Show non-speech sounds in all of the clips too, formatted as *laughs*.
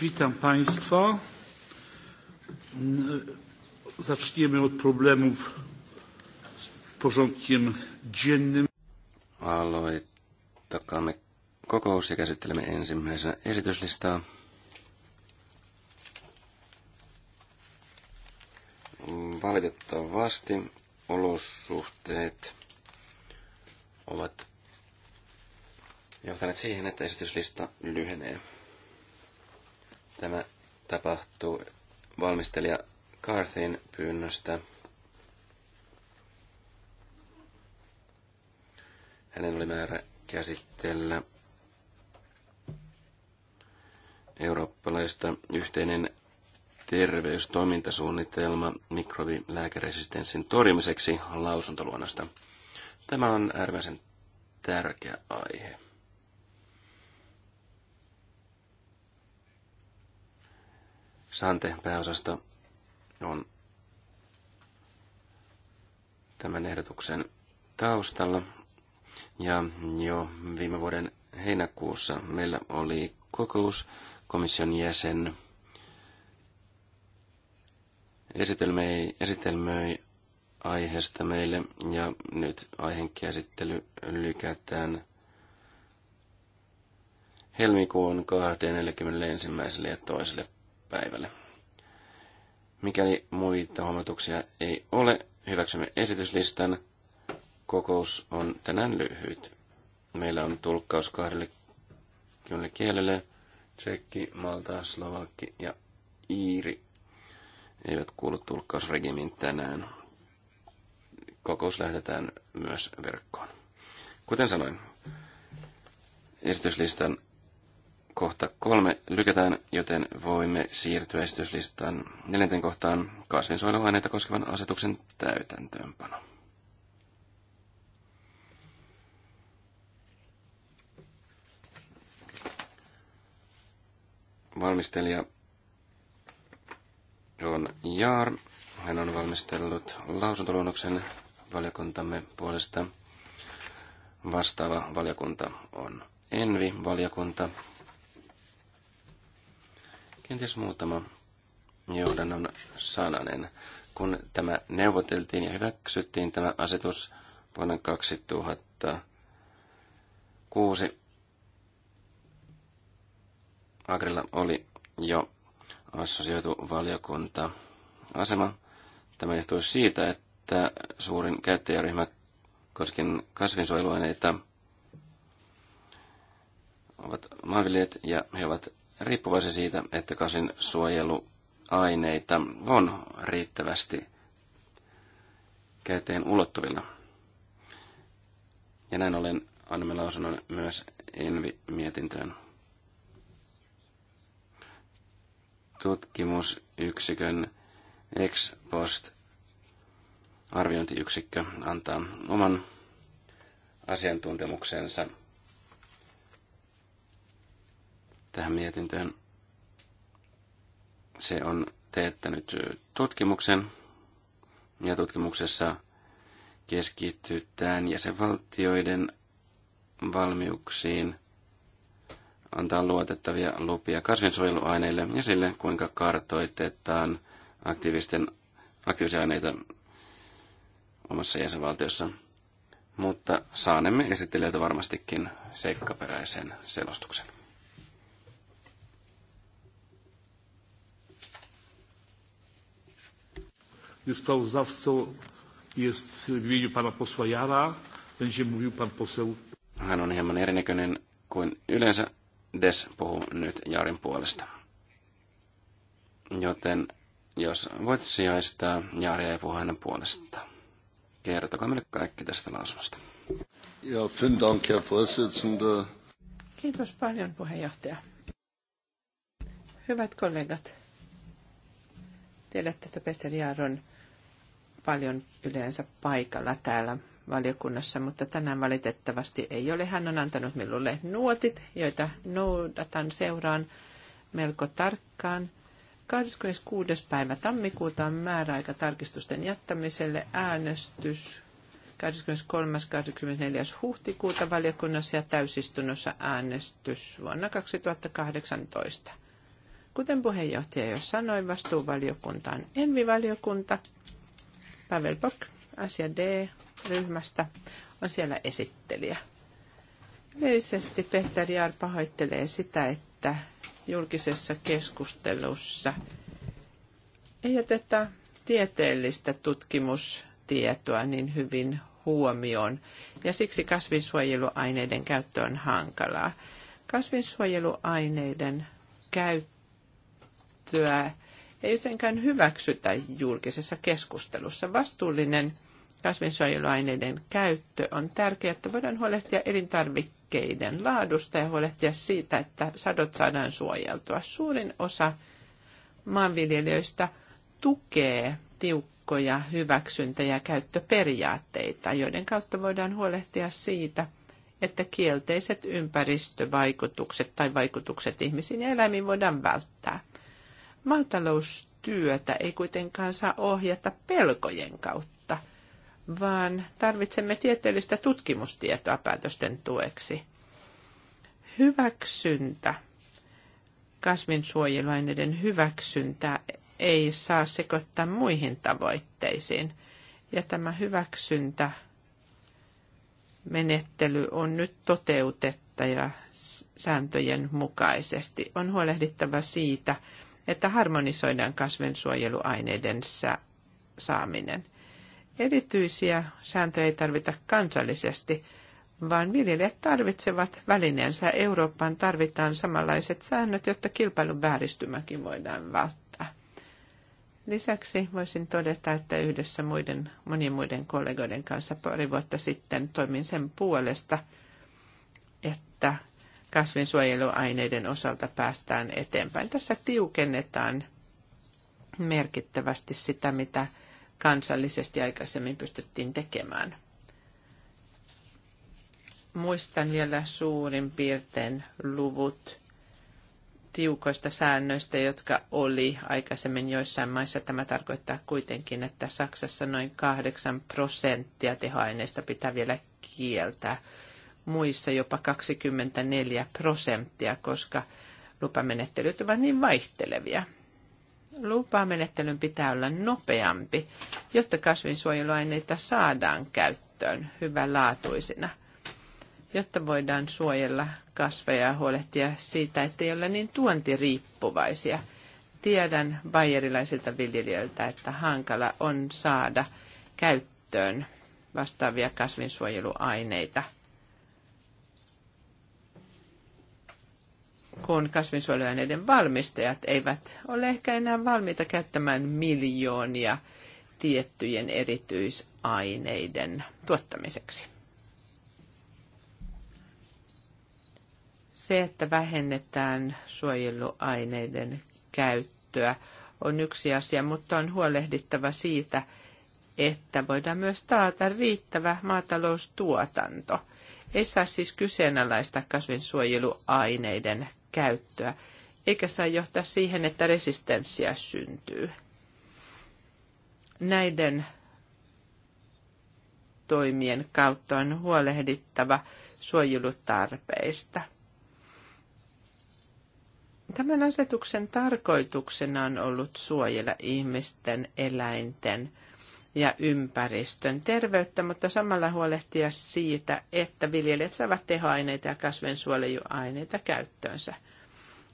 Witam Państwa. Zaczniemy od problemów z porządkiem dziennym. Aloitakamme kokous ja käsittelemme ensimmäisenä esityslistaa. Valitettavasti olosuhteet ovat johtaneet siihen, että esityslista lyhenee. Tämä tapahtuu valmistelija Carthin pyynnöstä. Hänen oli määrä käsitellä eurooppalaista yhteinen terveystoimintasuunnitelma mikrobilääkeresistenssin torjumiseksi lausuntoluonnosta. Tämä on äärimmäisen tärkeä aihe. Sante pääosasto on tämän ehdotuksen taustalla. Ja jo viime vuoden heinäkuussa meillä oli kokous komission jäsen esitelmöi, esitelmöi aiheesta meille ja nyt aiheen käsittely lykätään helmikuun 21. ja toiselle päivälle. Mikäli muita huomautuksia ei ole, hyväksymme esityslistan. Kokous on tänään lyhyt. Meillä on tulkkaus kahdelle kielelle. Tsekki, Malta, Slovakki ja Iiri eivät kuulu tulkkausregimiin tänään. Kokous lähetetään myös verkkoon. Kuten sanoin, esityslistan kohta kolme lykätään, joten voimme siirtyä esityslistan neljänteen kohtaan kasvinsuojeluaineita koskevan asetuksen täytäntöönpano. Valmistelija on Jaar. Hän on valmistellut lausuntoluonnoksen valiokuntamme puolesta. Vastaava valiokunta on Envi-valiokunta. Kenties muutama johdannon sananen. Kun tämä neuvoteltiin ja hyväksyttiin tämä asetus vuonna 2006, Agrilla oli jo assosioitu valiokunta asema. Tämä johtui siitä, että suurin käyttäjäryhmä koskien kasvinsuojeluaineita ovat maanviljelijät ja he ovat riippuvaisen siitä, että kasvin suojeluaineita on riittävästi käteen ulottuvilla. Ja näin ollen annamme lausunnon myös Envi-mietintöön. Tutkimusyksikön ex post arviointiyksikkö antaa oman asiantuntemuksensa – tähän mietintöön. Se on teettänyt tutkimuksen ja tutkimuksessa keskitytään jäsenvaltioiden valmiuksiin antaa luotettavia lupia kasvinsuojeluaineille ja sille, kuinka kartoitetaan aktiivisten, aktiivisia aineita omassa jäsenvaltiossa. Mutta saanemme esittelijältä varmastikin seikkaperäisen selostuksen. gdy sprawozdawcą jest w imieniu pana posła Jara, będzie mówił pan poseł. Hän on hieman erinäköinen kuin yleensä. Des puhuu nyt Jarin puolesta. Joten jos voit sijaistaa, Jari ei puhu hänen puolestaan. Kertokaa meille kaikki tästä lausunnosta. Ja, Dank, Kiitos paljon, puheenjohtaja. Hyvät kollegat, tiedätte, että Peter Jaaron paljon yleensä paikalla täällä valiokunnassa, mutta tänään valitettavasti ei ole. Hän on antanut minulle nuotit, joita noudatan seuraan melko tarkkaan. 26. päivä tammikuuta on määräaika tarkistusten jättämiselle äänestys 23. 24. huhtikuuta valiokunnassa ja täysistunnossa äänestys vuonna 2018. Kuten puheenjohtaja jo sanoi, vastuuvaliokunta on envivaliokunta. valiokunta Pavel Bok, asia D-ryhmästä, on siellä esittelijä. Yleisesti Peter Jaar pahoittelee sitä, että julkisessa keskustelussa ei oteta tieteellistä tutkimustietoa niin hyvin huomioon, ja siksi kasvinsuojeluaineiden käyttö on hankalaa. Kasvinsuojeluaineiden käyttöä ei senkään hyväksytä julkisessa keskustelussa. Vastuullinen kasvinsuojeluaineiden käyttö on tärkeää, että voidaan huolehtia elintarvikkeiden laadusta ja huolehtia siitä, että sadot saadaan suojeltua. Suurin osa maanviljelijöistä tukee tiukkoja hyväksyntä- ja käyttöperiaatteita, joiden kautta voidaan huolehtia siitä, että kielteiset ympäristövaikutukset tai vaikutukset ihmisiin ja eläimiin voidaan välttää. Maataloustyötä ei kuitenkaan saa ohjata pelkojen kautta, vaan tarvitsemme tieteellistä tutkimustietoa päätösten tueksi. Hyväksyntä. Kasvinsuojeluaineiden hyväksyntä ei saa sekoittaa muihin tavoitteisiin. Ja tämä hyväksyntä menettely on nyt toteutettava sääntöjen mukaisesti. On huolehdittava siitä, että harmonisoidaan kasvinsuojeluaineiden saaminen. Erityisiä sääntöjä ei tarvita kansallisesti, vaan viljelijät tarvitsevat välineensä. Eurooppaan tarvitaan samanlaiset säännöt, jotta kilpailun vääristymäkin voidaan välttää. Lisäksi voisin todeta, että yhdessä muiden, monien muiden kollegoiden kanssa pari vuotta sitten toimin sen puolesta, että kasvinsuojeluaineiden osalta päästään eteenpäin. Tässä tiukennetaan merkittävästi sitä, mitä kansallisesti aikaisemmin pystyttiin tekemään. Muistan vielä suurin piirtein luvut tiukoista säännöistä, jotka oli aikaisemmin joissain maissa. Tämä tarkoittaa kuitenkin, että Saksassa noin 8 prosenttia tehoaineista pitää vielä kieltää muissa jopa 24 prosenttia, koska lupamenettelyt ovat niin vaihtelevia. Lupamenettelyn pitää olla nopeampi, jotta kasvinsuojeluaineita saadaan käyttöön hyvänlaatuisina, jotta voidaan suojella kasveja ja huolehtia siitä, ettei ole niin tuontiriippuvaisia. Tiedän bayerilaisilta viljelijöiltä, että hankala on saada käyttöön vastaavia kasvinsuojeluaineita – kun kasvinsuojeluaineiden valmistajat eivät ole ehkä enää valmiita käyttämään miljoonia tiettyjen erityisaineiden tuottamiseksi. Se, että vähennetään suojeluaineiden käyttöä, on yksi asia, mutta on huolehdittava siitä, että voidaan myös taata riittävä maataloustuotanto. Ei saa siis kyseenalaista kasvinsuojeluaineiden käyttöä, eikä saa johtaa siihen, että resistenssiä syntyy. Näiden toimien kautta on huolehdittava suojelutarpeista. Tämän asetuksen tarkoituksena on ollut suojella ihmisten, eläinten, ja ympäristön terveyttä, mutta samalla huolehtia siitä, että viljelijät saavat tehoaineita ja kasvinsuojeluaineita käyttöönsä.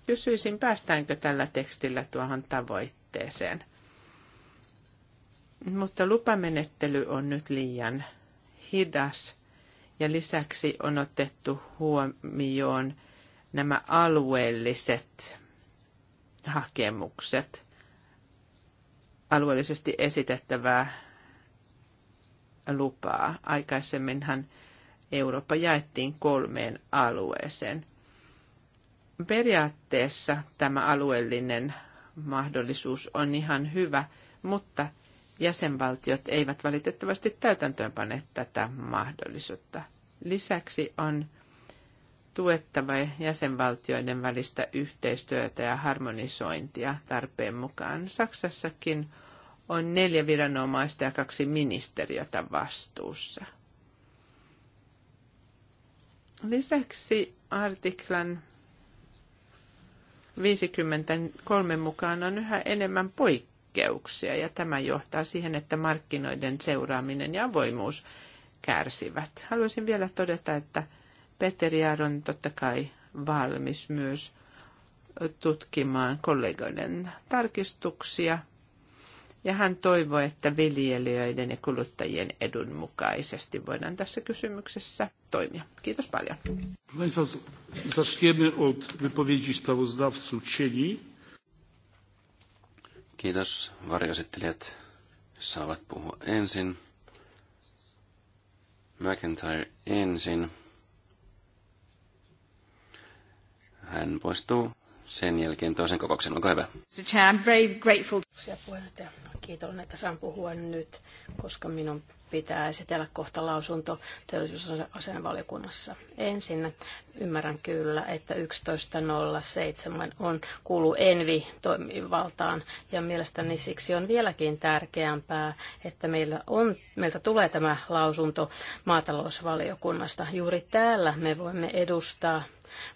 Kysyisin, päästäänkö tällä tekstillä tuohon tavoitteeseen. Mutta lupamenettely on nyt liian hidas ja lisäksi on otettu huomioon nämä alueelliset hakemukset – alueellisesti esitettävää lupaa. Aikaisemminhan Eurooppa jaettiin kolmeen alueeseen. Periaatteessa tämä alueellinen mahdollisuus on ihan hyvä, mutta jäsenvaltiot eivät valitettavasti täytäntöönpane tätä mahdollisuutta. Lisäksi on tuettava jäsenvaltioiden välistä yhteistyötä ja harmonisointia tarpeen mukaan. Saksassakin on neljä viranomaista ja kaksi ministeriötä vastuussa. Lisäksi artiklan 53 mukaan on yhä enemmän poikkeuksia ja tämä johtaa siihen, että markkinoiden seuraaminen ja avoimuus kärsivät. Haluaisin vielä todeta, että Petteri on totta kai valmis myös tutkimaan kollegoiden tarkistuksia – ja hän toivoi, että viljelijöiden ja kuluttajien edun mukaisesti voidaan tässä kysymyksessä toimia. Kiitos paljon. Kiitos. Varjoesittelijät saavat puhua ensin. McIntyre ensin. Hän poistuu sen jälkeen toisen kokouksen. Olkaa hyvä. Kiitollinen, että saan puhua nyt, koska minun pitää esitellä kohta lausunto teollisuusasianvaliokunnassa. Ensin ymmärrän kyllä, että 11.07 on kuulu Envi toimivaltaan ja mielestäni siksi on vieläkin tärkeämpää, että meillä on, meiltä tulee tämä lausunto maatalousvaliokunnasta. Juuri täällä me voimme edustaa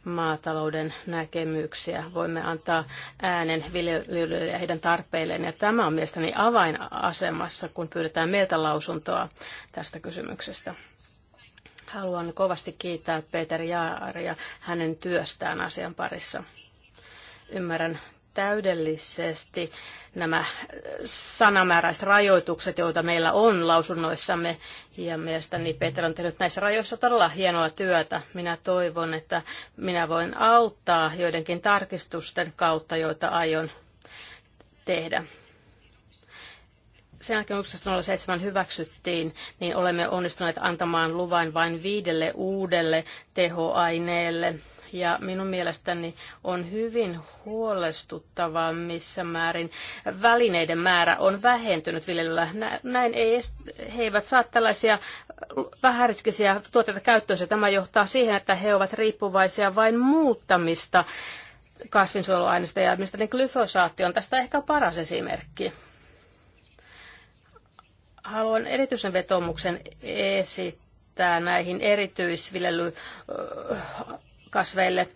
maatalouden näkemyksiä. Voimme antaa äänen viljelijöille ja heidän tarpeilleen. Ja tämä on mielestäni avainasemassa, kun pyydetään meiltä lausuntoa tästä kysymyksestä. Haluan kovasti kiittää Peter Jaaria hänen työstään asian parissa. Ymmärrän täydellisesti nämä sanamääräiset rajoitukset, joita meillä on lausunnoissamme. Ja mielestäni Peter on tehnyt näissä rajoissa todella hienoa työtä. Minä toivon, että minä voin auttaa joidenkin tarkistusten kautta, joita aion tehdä. Sen jälkeen 1907 hyväksyttiin, niin olemme onnistuneet antamaan luvan vain viidelle uudelle tehoaineelle – ja minun mielestäni on hyvin huolestuttavaa, missä määrin välineiden määrä on vähentynyt viljelyllä. Näin ei, he eivät saa tällaisia vähäriskisiä tuotteita käyttöönsä. Tämä johtaa siihen, että he ovat riippuvaisia vain muuttamista kasvinsuojeluaineista ja mistä niin glyfosaatti on tästä ehkä paras esimerkki haluan erityisen vetomuksen esittää näihin erityisviljely kasveille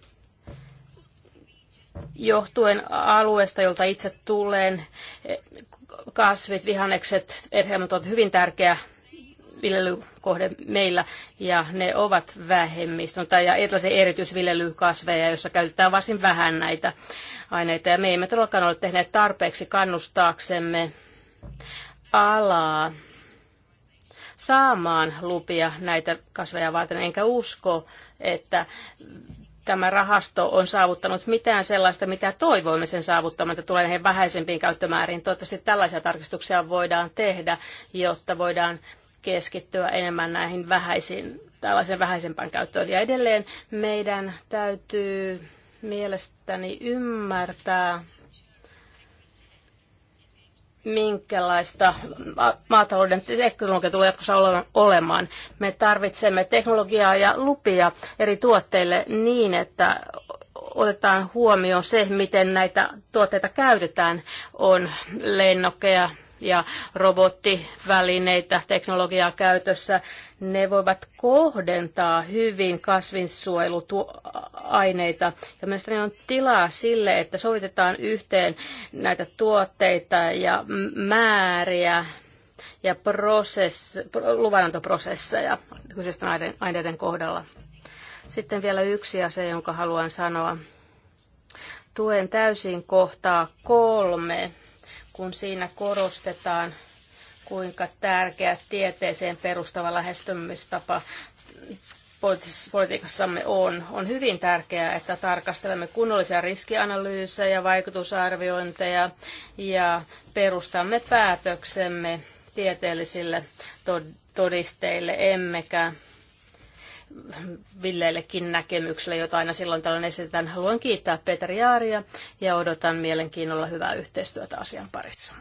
johtuen alueesta, jolta itse tulen. Kasvit, vihannekset, erheimot ovat hyvin tärkeä viljelykohde meillä ja ne ovat vähemmistön tai erilaisia erityisviljelykasveja, joissa käytetään varsin vähän näitä aineita ja me emme todellakaan ole tehneet tarpeeksi kannustaaksemme alaa saamaan lupia näitä kasveja varten, enkä usko, että tämä rahasto on saavuttanut mitään sellaista, mitä toivoimme sen saavuttamaan, että tulee näihin vähäisempiin käyttömääriin. Toivottavasti tällaisia tarkistuksia voidaan tehdä, jotta voidaan keskittyä enemmän näihin vähäisiin, tällaisen vähäisempään käyttöön. Ja edelleen meidän täytyy mielestäni ymmärtää, minkälaista maatalouden teknologia tulee jatkossa olemaan. Me tarvitsemme teknologiaa ja lupia eri tuotteille niin, että otetaan huomioon se, miten näitä tuotteita käytetään. On lennokkeja, ja robottivälineitä, teknologiaa käytössä, ne voivat kohdentaa hyvin kasvinsuojeluaineita. Ja mielestäni on tilaa sille, että sovitetaan yhteen näitä tuotteita ja määriä ja prosess, luvanantoprosesseja kyseisten aineiden kohdalla. Sitten vielä yksi asia, jonka haluan sanoa. Tuen täysin kohtaa kolme kun siinä korostetaan, kuinka tärkeä tieteeseen perustava lähestymistapa politiikassamme on. On hyvin tärkeää, että tarkastelemme kunnollisia riskianalyysejä, vaikutusarviointeja ja perustamme päätöksemme tieteellisille todisteille, emmekä Villeillekin näkemyksille, jota aina silloin tällöin esitetään. Haluan kiittää Peter Jaaria ja odotan mielenkiinnolla hyvää yhteistyötä asian parissa.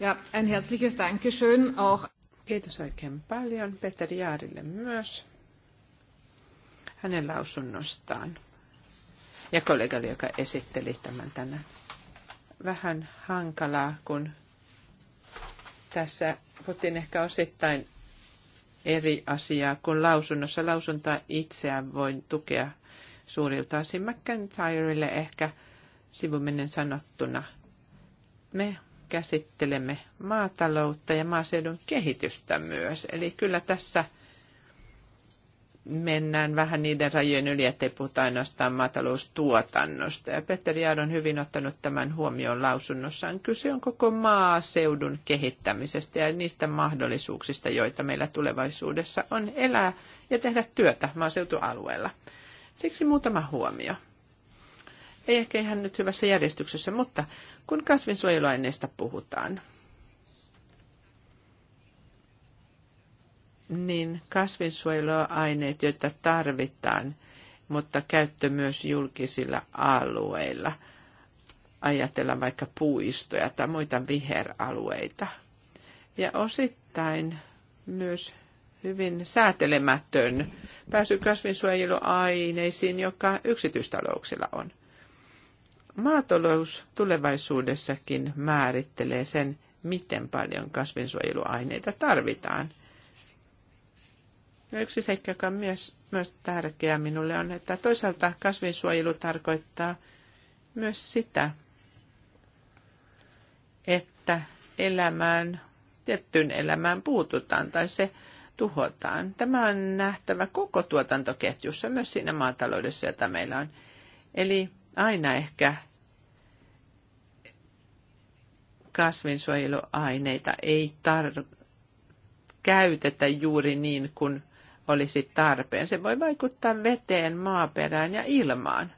Ja ein herzliches Dankeschön auch. Kiitos oikein paljon Peter Jaarille myös hänen lausunnostaan ja kollegalle, joka esitteli tämän tänään. Vähän hankalaa, kun tässä Putin ehkä osittain eri asiaa kuin lausunnossa. Lausuntoa itseään voin tukea suurilta osin McIntyrelle ehkä sivuminen sanottuna. Me käsittelemme maataloutta ja maaseudun kehitystä myös. Eli kyllä tässä – mennään vähän niiden rajojen yli, ettei puhuta ainoastaan maataloustuotannosta. Ja Petteri Jaad on hyvin ottanut tämän huomioon lausunnossaan. Kyse on koko maaseudun kehittämisestä ja niistä mahdollisuuksista, joita meillä tulevaisuudessa on elää ja tehdä työtä maaseutualueella. Siksi muutama huomio. Ei ehkä ihan nyt hyvässä järjestyksessä, mutta kun kasvinsuojeluaineista puhutaan, niin kasvinsuojeluaineet, joita tarvitaan, mutta käyttö myös julkisilla alueilla. Ajatellaan vaikka puistoja tai muita viheralueita. Ja osittain myös hyvin säätelemätön pääsy kasvinsuojeluaineisiin, joka yksityistalouksilla on. Maatalous tulevaisuudessakin määrittelee sen, miten paljon kasvinsuojeluaineita tarvitaan – No yksi seikka, joka on myös, myös tärkeä minulle, on, että toisaalta kasvinsuojelu tarkoittaa myös sitä, että elämään, tiettyyn elämään puututaan tai se tuhotaan. Tämä on nähtävä koko tuotantoketjussa, myös siinä maataloudessa, jota meillä on. Eli aina ehkä kasvinsuojeluaineita ei tar- käytetä juuri niin kuin olisi tarpeen. Se voi vaikuttaa veteen, maaperään ja ilmaan.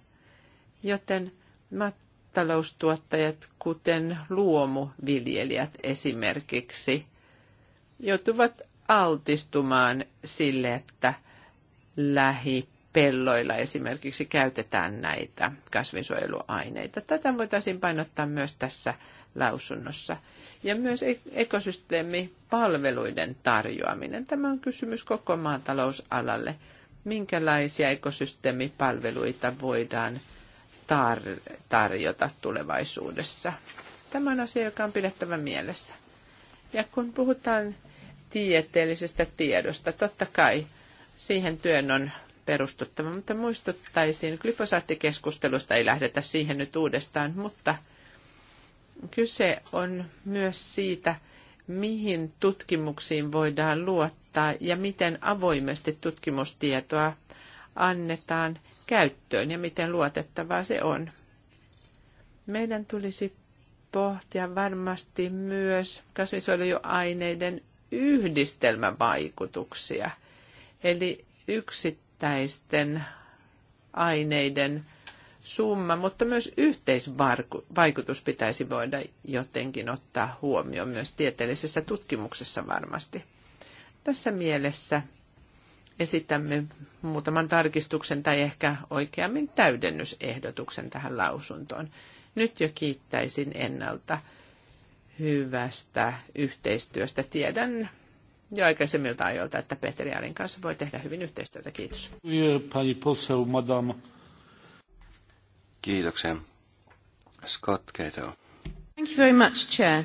Joten mattaloustuottajat, kuten luomuviljelijät esimerkiksi, joutuvat altistumaan sille, että lähipelloilla esimerkiksi käytetään näitä kasvinsuojeluaineita. Tätä voitaisiin painottaa myös tässä lausunnossa. Ja myös e- ekosysteemipalveluiden tarjoaminen. Tämä on kysymys koko maatalousalalle. Minkälaisia ekosysteemipalveluita voidaan tar- tarjota tulevaisuudessa? Tämä on asia, joka on pidettävä mielessä. Ja kun puhutaan tieteellisestä tiedosta, totta kai siihen työn on perustuttava, mutta muistuttaisin, glyfosaattikeskustelusta ei lähdetä siihen nyt uudestaan, mutta – Kyse on myös siitä, mihin tutkimuksiin voidaan luottaa ja miten avoimesti tutkimustietoa annetaan käyttöön ja miten luotettavaa se on. Meidän tulisi pohtia varmasti myös kasvisoljuaineiden yhdistelmävaikutuksia, eli yksittäisten aineiden summa, mutta myös yhteisvaikutus pitäisi voida jotenkin ottaa huomioon myös tieteellisessä tutkimuksessa varmasti. Tässä mielessä esitämme muutaman tarkistuksen tai ehkä oikeammin täydennysehdotuksen tähän lausuntoon. Nyt jo kiittäisin ennalta hyvästä yhteistyöstä. Tiedän jo aikaisemmilta ajoilta, että Petri Arin kanssa voi tehdä hyvin yhteistyötä. Kiitos. Pani poseł, madame Kiitoksia. Scott Cato. Thank you very much, Chair.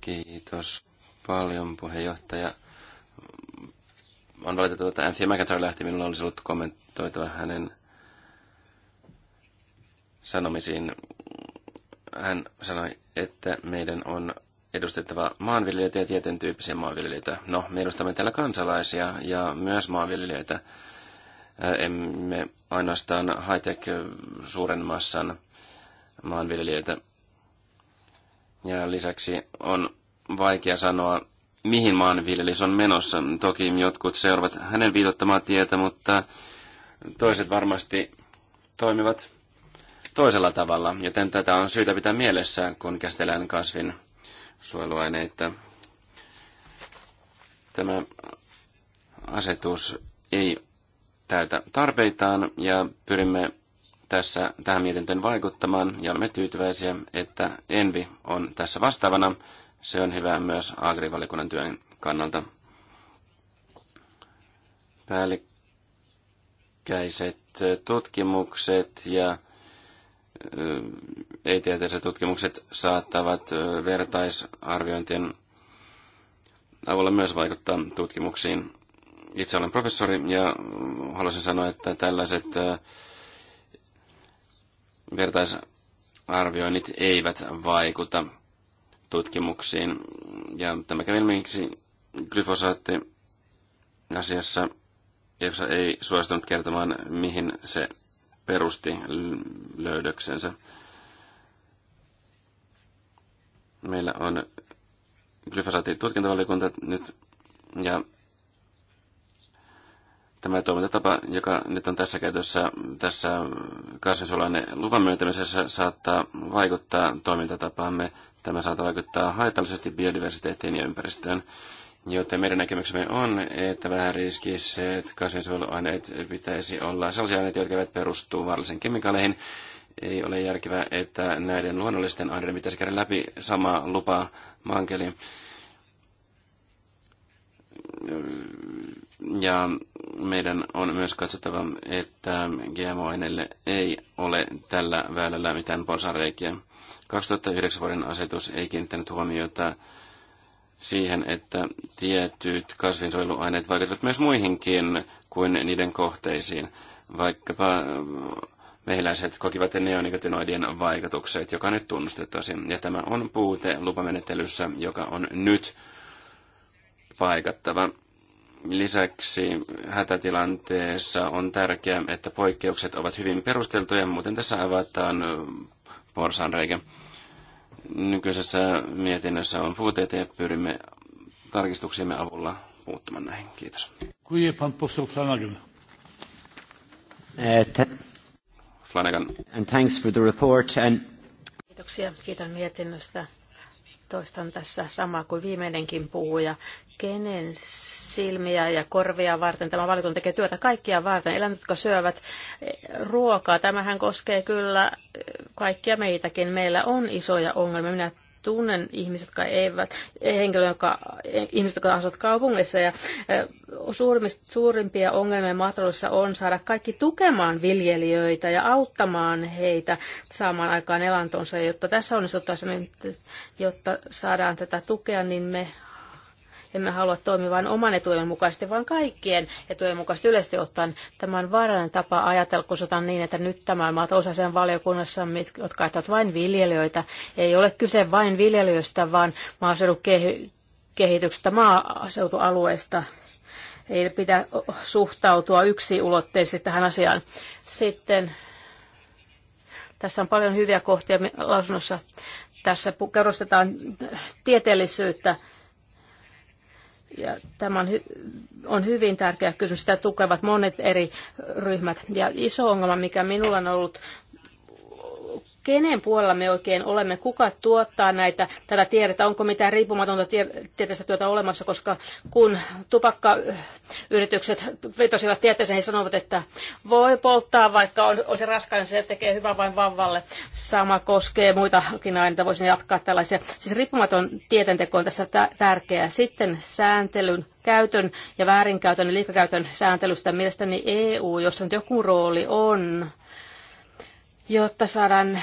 Kiitos paljon, puheenjohtaja. On valitettava, että Anthony McIntyre lähti. Minulla olisi ollut kommentoitua hänen sanomisiin. Hän sanoi, että meidän on edustettava maanviljelijöitä ja tietyn tyyppisiä maanviljelijöitä. No, me edustamme täällä kansalaisia ja myös maanviljelijöitä emme ainoastaan high-tech suuren massan maanviljelijöitä. Ja lisäksi on vaikea sanoa, mihin maanviljelys on menossa. Toki jotkut seuraavat hänen viitottamaa tietä, mutta toiset varmasti toimivat toisella tavalla, joten tätä on syytä pitää mielessä, kun käsitellään kasvin suojeluaineita. Tämä asetus ei täytä tarpeitaan ja pyrimme tässä tähän mietintöön vaikuttamaan ja olemme tyytyväisiä, että Envi on tässä vastaavana. Se on hyvä myös agrivalikunnan työn kannalta. Päällikkäiset tutkimukset ja ei-tieteelliset tutkimukset saattavat vertaisarviointien avulla myös vaikuttaa tutkimuksiin. Itse olen professori ja haluaisin sanoa, että tällaiset äh, vertaisarvioinnit eivät vaikuta tutkimuksiin. Ja tämä kävi ilmiiksi glyfosaatti asiassa EFSA ei suostunut kertomaan, mihin se perusti löydöksensä. Meillä on glyfosaatin tutkintavaliokunta nyt, ja Tämä toimintatapa, joka nyt on tässä käytössä, tässä kasvinsuolainen luvan myöntämisessä saattaa vaikuttaa toimintatapaamme. Tämä saattaa vaikuttaa haitallisesti biodiversiteettiin ja ympäristöön. Joten meidän näkemyksemme on, että vähän että kasvinsuojeluaineet pitäisi olla sellaisia aineita, jotka eivät perustu vaarallisiin kemikaaleihin. Ei ole järkevää, että näiden luonnollisten aineiden pitäisi käydä läpi sama lupa maankeliin ja meidän on myös katsottava, että GMO-aineille ei ole tällä väylällä mitään porsareikiä. 2009 vuoden asetus ei kiinnittänyt huomiota siihen, että tietyt kasvinsuojeluaineet vaikuttavat myös muihinkin kuin niiden kohteisiin. Vaikkapa äh, mehiläiset kokivat neonikotinoidien vaikutukset, joka nyt tunnustettaisiin. Ja tämä on puute lupamenettelyssä, joka on nyt paikattava. Lisäksi hätätilanteessa on tärkeää, että poikkeukset ovat hyvin perusteltuja, muuten tässä avataan äh, porsanreikä. Nykyisessä mietinnössä on puutteita ja pyrimme tarkistuksiemme avulla puuttumaan näihin. Kiitos. Eh, Flanagan. And thanks for the report and... Kiitoksia. Kiitän mietinnöstä Toistan tässä samaa kuin viimeinenkin puhuja. Kenen silmiä ja korvia varten tämä valiokunta tekee työtä kaikkia varten? Eläimet, jotka syövät eh, ruokaa, tämähän koskee kyllä kaikkia meitäkin. Meillä on isoja ongelmia. Minä tunnen ihmiset, jotka eivät, henkilö, joka, ihmiset, jotka asuvat kaupungissa. Ja suurimpia ongelmia maataloudessa on saada kaikki tukemaan viljelijöitä ja auttamaan heitä saamaan aikaan elantonsa. Jotta tässä onnistuttaisiin, jotta saadaan tätä tukea, niin me emme halua toimia vain oman etujen mukaisesti, vaan kaikkien etujen mukaisesti yleisesti ottaen. Tämä on vaarallinen tapa ajatella, kun sanotaan niin, että nyt tämä on osa sen valiokunnassa, jotka ajattelevat vain viljelijöitä. Ei ole kyse vain viljelijöistä, vaan maaseudun kehityksestä maaseutualueesta ei pidä suhtautua yksiulotteisesti tähän asiaan. Sitten tässä on paljon hyviä kohtia lausunnossa. Tässä korostetaan tieteellisyyttä ja tämä on, hy- on hyvin tärkeä kysymys. Sitä tukevat monet eri ryhmät. Ja iso ongelma, mikä minulla on ollut kenen puolella me oikein olemme, kuka tuottaa näitä, tätä tiedettä, onko mitään riippumatonta tieteellistä työtä olemassa, koska kun tupakkayritykset vetosivat tieteeseen, he sanovat, että voi polttaa, vaikka on, on se raskainen, se tekee hyvää vain vauvalle. Sama koskee muitakin aineita, voisin jatkaa tällaisia. Siis riippumaton tietenteko on tässä tärkeää. Sitten sääntelyn käytön ja väärinkäytön ja liikakäytön sääntelystä mielestäni EU, jossa nyt joku rooli on, jotta saadaan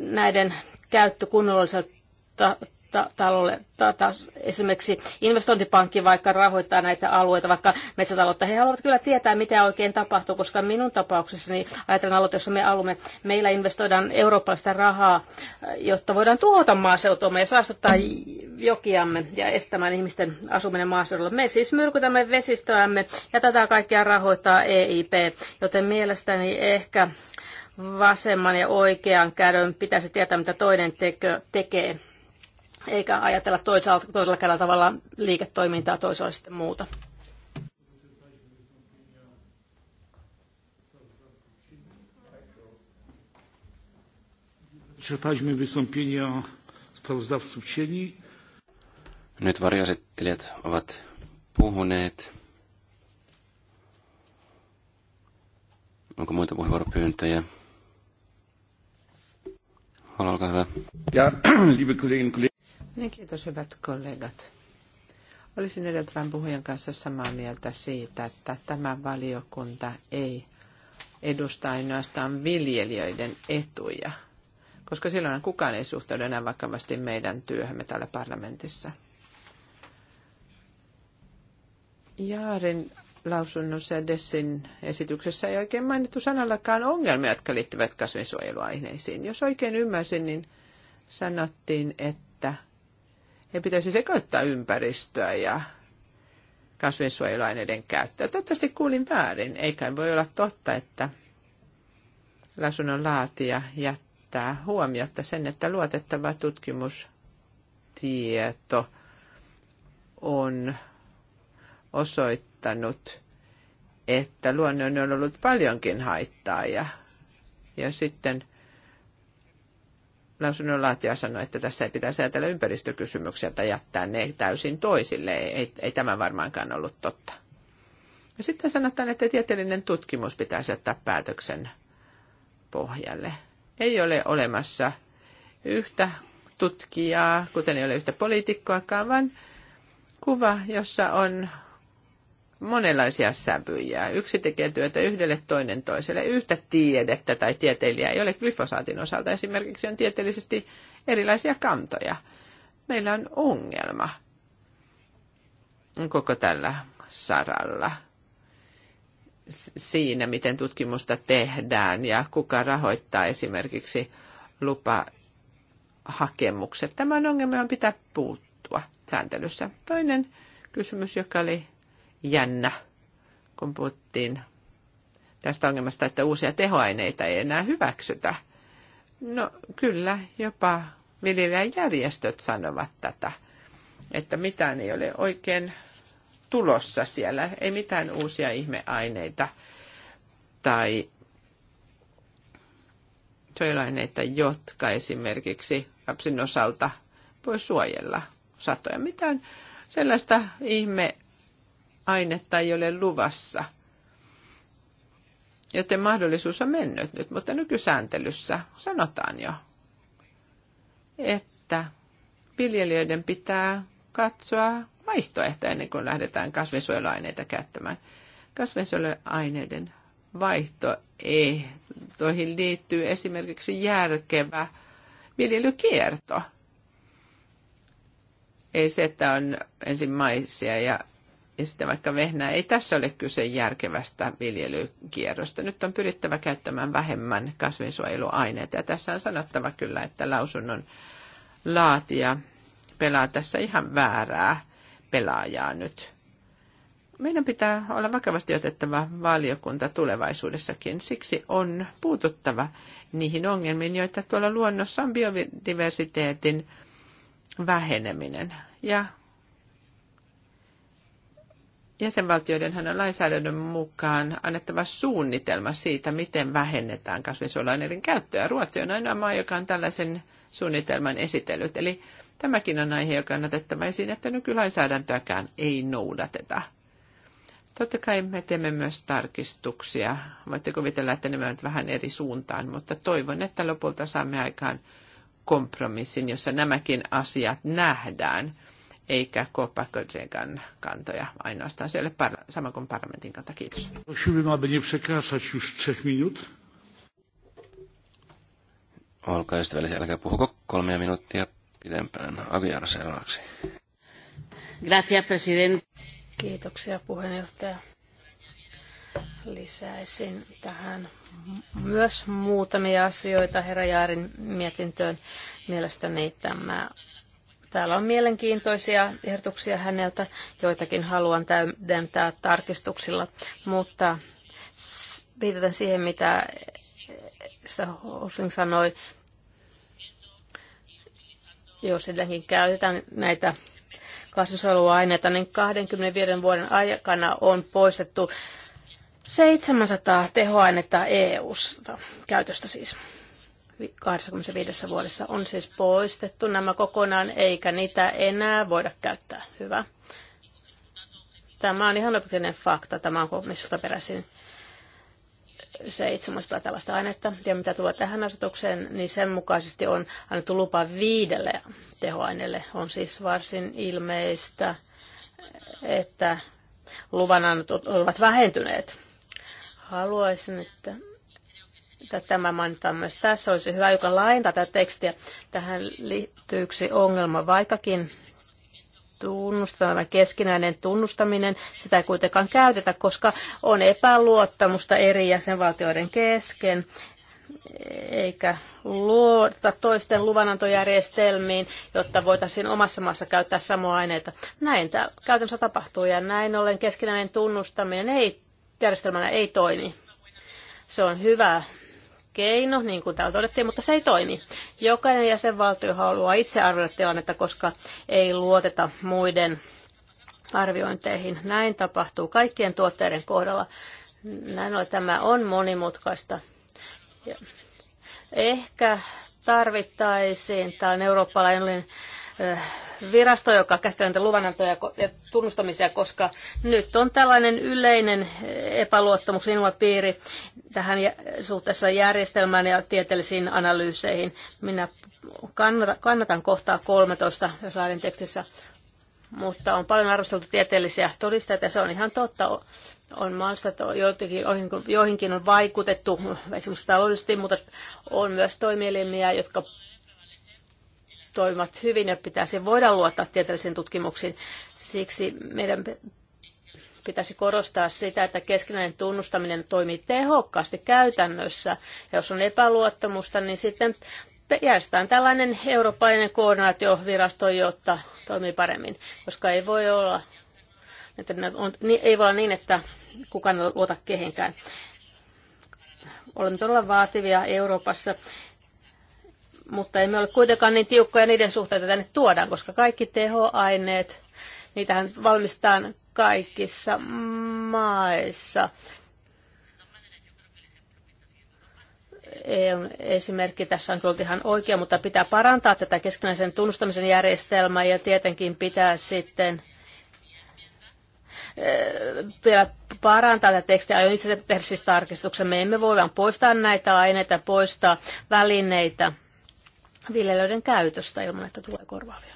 näiden käyttö kunnolliselle ta- ta- talolle. Ta- ta- esimerkiksi investointipankki vaikka rahoittaa näitä alueita, vaikka metsätaloutta. He haluavat kyllä tietää, mitä oikein tapahtuu, koska minun tapauksessani ajatellaan aloite, jossa me alumme, meillä investoidaan eurooppalaista rahaa, jotta voidaan tuhota maaseutuamme ja saastuttaa jokiamme ja estämään ihmisten asuminen maaseudulla. Me siis myrkytämme vesistöämme ja tätä kaikkea rahoittaa EIP, joten mielestäni ehkä vasemman ja oikean käden pitäisi tietää, mitä toinen tekö, tekee, eikä ajatella toisaalta, toisella kädellä tavalla liiketoimintaa toisella sitten muuta. Nyt varjoesittelijät ovat puhuneet. Onko muita puheenvuoropyyntöjä? hyvä. Ja, *clears throat* liebe Kolleginnen Kollegen. Niin, kiitos hyvät kollegat. Olisin edeltävän puhujan kanssa samaa mieltä siitä, että tämä valiokunta ei edusta ainoastaan viljelijöiden etuja, koska silloin kukaan ei suhtaudu enää vakavasti meidän työhömme täällä parlamentissa. Jaarin lausunnossa ja Dessin esityksessä ei oikein mainittu sanallakaan ongelmia, jotka liittyvät kasvinsuojeluaineisiin. Jos oikein ymmärsin, niin sanottiin, että ei pitäisi sekoittaa ympäristöä ja kasvinsuojeluaineiden käyttöä. Toivottavasti kuulin väärin. Eikä voi olla totta, että lausunnon laatija jättää huomiota sen, että luotettava tutkimustieto on osoittanut, osoittanut, että luonnon on ollut paljonkin haittaa ja, ja sitten lausunnonlaatija sanoi, että tässä ei pitäisi ajatella ympäristökysymyksiä tai jättää ne täysin toisille. Ei, ei tämä varmaankaan ollut totta. Ja sitten sanotaan, että tieteellinen tutkimus pitäisi ottaa päätöksen pohjalle. Ei ole olemassa yhtä tutkijaa, kuten ei ole yhtä poliitikkoakaan, vaan kuva, jossa on monenlaisia sävyjä. Yksi tekee työtä yhdelle, toinen toiselle. Yhtä tiedettä tai tieteilijää ei ole glyfosaatin osalta. Esimerkiksi on tieteellisesti erilaisia kantoja. Meillä on ongelma koko tällä saralla siinä, miten tutkimusta tehdään ja kuka rahoittaa esimerkiksi lupahakemukset. Tämän ongelman pitää puuttua sääntelyssä. Toinen kysymys, joka oli jännä, kun puhuttiin tästä ongelmasta, että uusia tehoaineita ei enää hyväksytä. No kyllä, jopa viljelijäjärjestöt sanovat tätä, että mitään ei ole oikein tulossa siellä, ei mitään uusia ihmeaineita tai suojeluaineita, jotka esimerkiksi lapsen osalta voi suojella satoja. Mitään sellaista ihme ainetta ei ole luvassa. Joten mahdollisuus on mennyt nyt, mutta nykysääntelyssä sanotaan jo, että viljelijöiden pitää katsoa vaihtoehtoja ennen kuin lähdetään kasvinsuojeluaineita käyttämään. Kasvinsuojeluaineiden vaihtoehtoihin liittyy esimerkiksi järkevä viljelykierto. Ei se, että on ensin maisia ja ja sitten vaikka vehnää. Ei tässä ole kyse järkevästä viljelykierrosta. Nyt on pyrittävä käyttämään vähemmän kasvinsuojeluaineita. Ja tässä on sanottava kyllä, että lausunnon laatija pelaa tässä ihan väärää pelaajaa nyt. Meidän pitää olla vakavasti otettava valiokunta tulevaisuudessakin. Siksi on puututtava niihin ongelmiin, joita tuolla luonnossa on biodiversiteetin väheneminen. Ja jäsenvaltioidenhan on lainsäädännön mukaan annettava suunnitelma siitä, miten vähennetään kasvinsuojeluaineiden käyttöä. Ruotsi on ainoa maa, joka on tällaisen suunnitelman esitellyt. Eli tämäkin on aihe, joka on otettava esiin, että nykylainsäädäntöäkään ei noudateta. Totta kai me teemme myös tarkistuksia. Voitte kuvitella, että ne menevät vähän eri suuntaan, mutta toivon, että lopulta saamme aikaan kompromissin, jossa nämäkin asiat nähdään – eikä Kopakojen kantoja ainoastaan. siellä par sama kuin parlamentin kanta. Kiitos. Olkaa ystävällisiä, älkää puhuko kolmea minuuttia pidempään Aviar seuraavaksi. Gracias, president. Kiitoksia puheenjohtaja. Lisäisin tähän myös muutamia asioita herra Jaarin mietintöön. Mielestäni tämä Täällä on mielenkiintoisia ehdotuksia häneltä, joitakin haluan täydentää tarkistuksilla, mutta viitaten siihen, mitä Hosling sanoi, jos edelleenkin käytetään näitä kasvisoluaineita, niin 25 vuoden aikana on poistettu 700 tehoainetta eu käytöstä siis. 25 vuodessa on siis poistettu nämä kokonaan, eikä niitä enää voida käyttää. Hyvä. Tämä on ihan objektiivinen fakta. Tämä on komissiolta peräisin 700 tällaista ainetta. Ja mitä tulee tähän asetukseen, niin sen mukaisesti on annettu lupa viidelle tehoaineelle. On siis varsin ilmeistä, että luvan ovat vähentyneet. Haluaisin, että Tämä mainitaan myös tässä. Olisi hyvä joka laajentaa tätä tekstiä. Tähän liittyy yksi ongelma, vaikkakin tunnustaminen, keskinäinen tunnustaminen, sitä ei kuitenkaan käytetä, koska on epäluottamusta eri jäsenvaltioiden kesken eikä luota toisten luvanantojärjestelmiin, jotta voitaisiin omassa maassa käyttää samoja aineita. Näin tämä käytännössä tapahtuu ja näin ollen keskinäinen tunnustaminen ei, järjestelmänä ei toimi. Se on hyvä keino, niin kuin täällä todettiin, mutta se ei toimi. Jokainen jäsenvaltio haluaa itse arvioida tilannetta, koska ei luoteta muiden arviointeihin. Näin tapahtuu kaikkien tuotteiden kohdalla. Näin ollen tämä on monimutkaista. Ehkä tarvittaisiin, tämä eurooppalainen Äh, virasto, joka käsittelee näitä luvanantoja ja tunnustamisia, koska nyt on tällainen yleinen äh, epäluottamus piiri tähän suhteessa järjestelmään ja tieteellisiin analyyseihin. Minä kannatan kohtaa 13 Saarin tekstissä, mutta on paljon arvosteltu tieteellisiä todisteita ja se on ihan totta. On mahdollista, että joihinkin, joihinkin on vaikutettu esimerkiksi taloudellisesti, mutta on myös toimielimiä, jotka toimivat hyvin ja pitäisi voida luottaa tieteellisiin tutkimuksiin. Siksi meidän pitäisi korostaa sitä, että keskinäinen tunnustaminen toimii tehokkaasti käytännössä. Ja jos on epäluottamusta, niin sitten järjestetään tällainen eurooppalainen koordinaatiovirasto, jotta toimii paremmin, koska ei voi olla, että on, ei voi olla niin, että kukaan ei luota kehenkään. Olemme todella vaativia Euroopassa mutta emme ole kuitenkaan niin tiukkoja niiden suhteen, että tänne tuodaan, koska kaikki tehoaineet, niitähän valmistetaan kaikissa maissa. EUn esimerkki tässä on kyllä ihan oikea, mutta pitää parantaa tätä keskinäisen tunnustamisen järjestelmää ja tietenkin pitää sitten e, vielä parantaa tätä tekstiä. Aion itse tehdä siis tarkistuksen. Me emme voi vaan poistaa näitä aineita, poistaa välineitä viljelijöiden käytöstä ilman, että tulee korvaavia.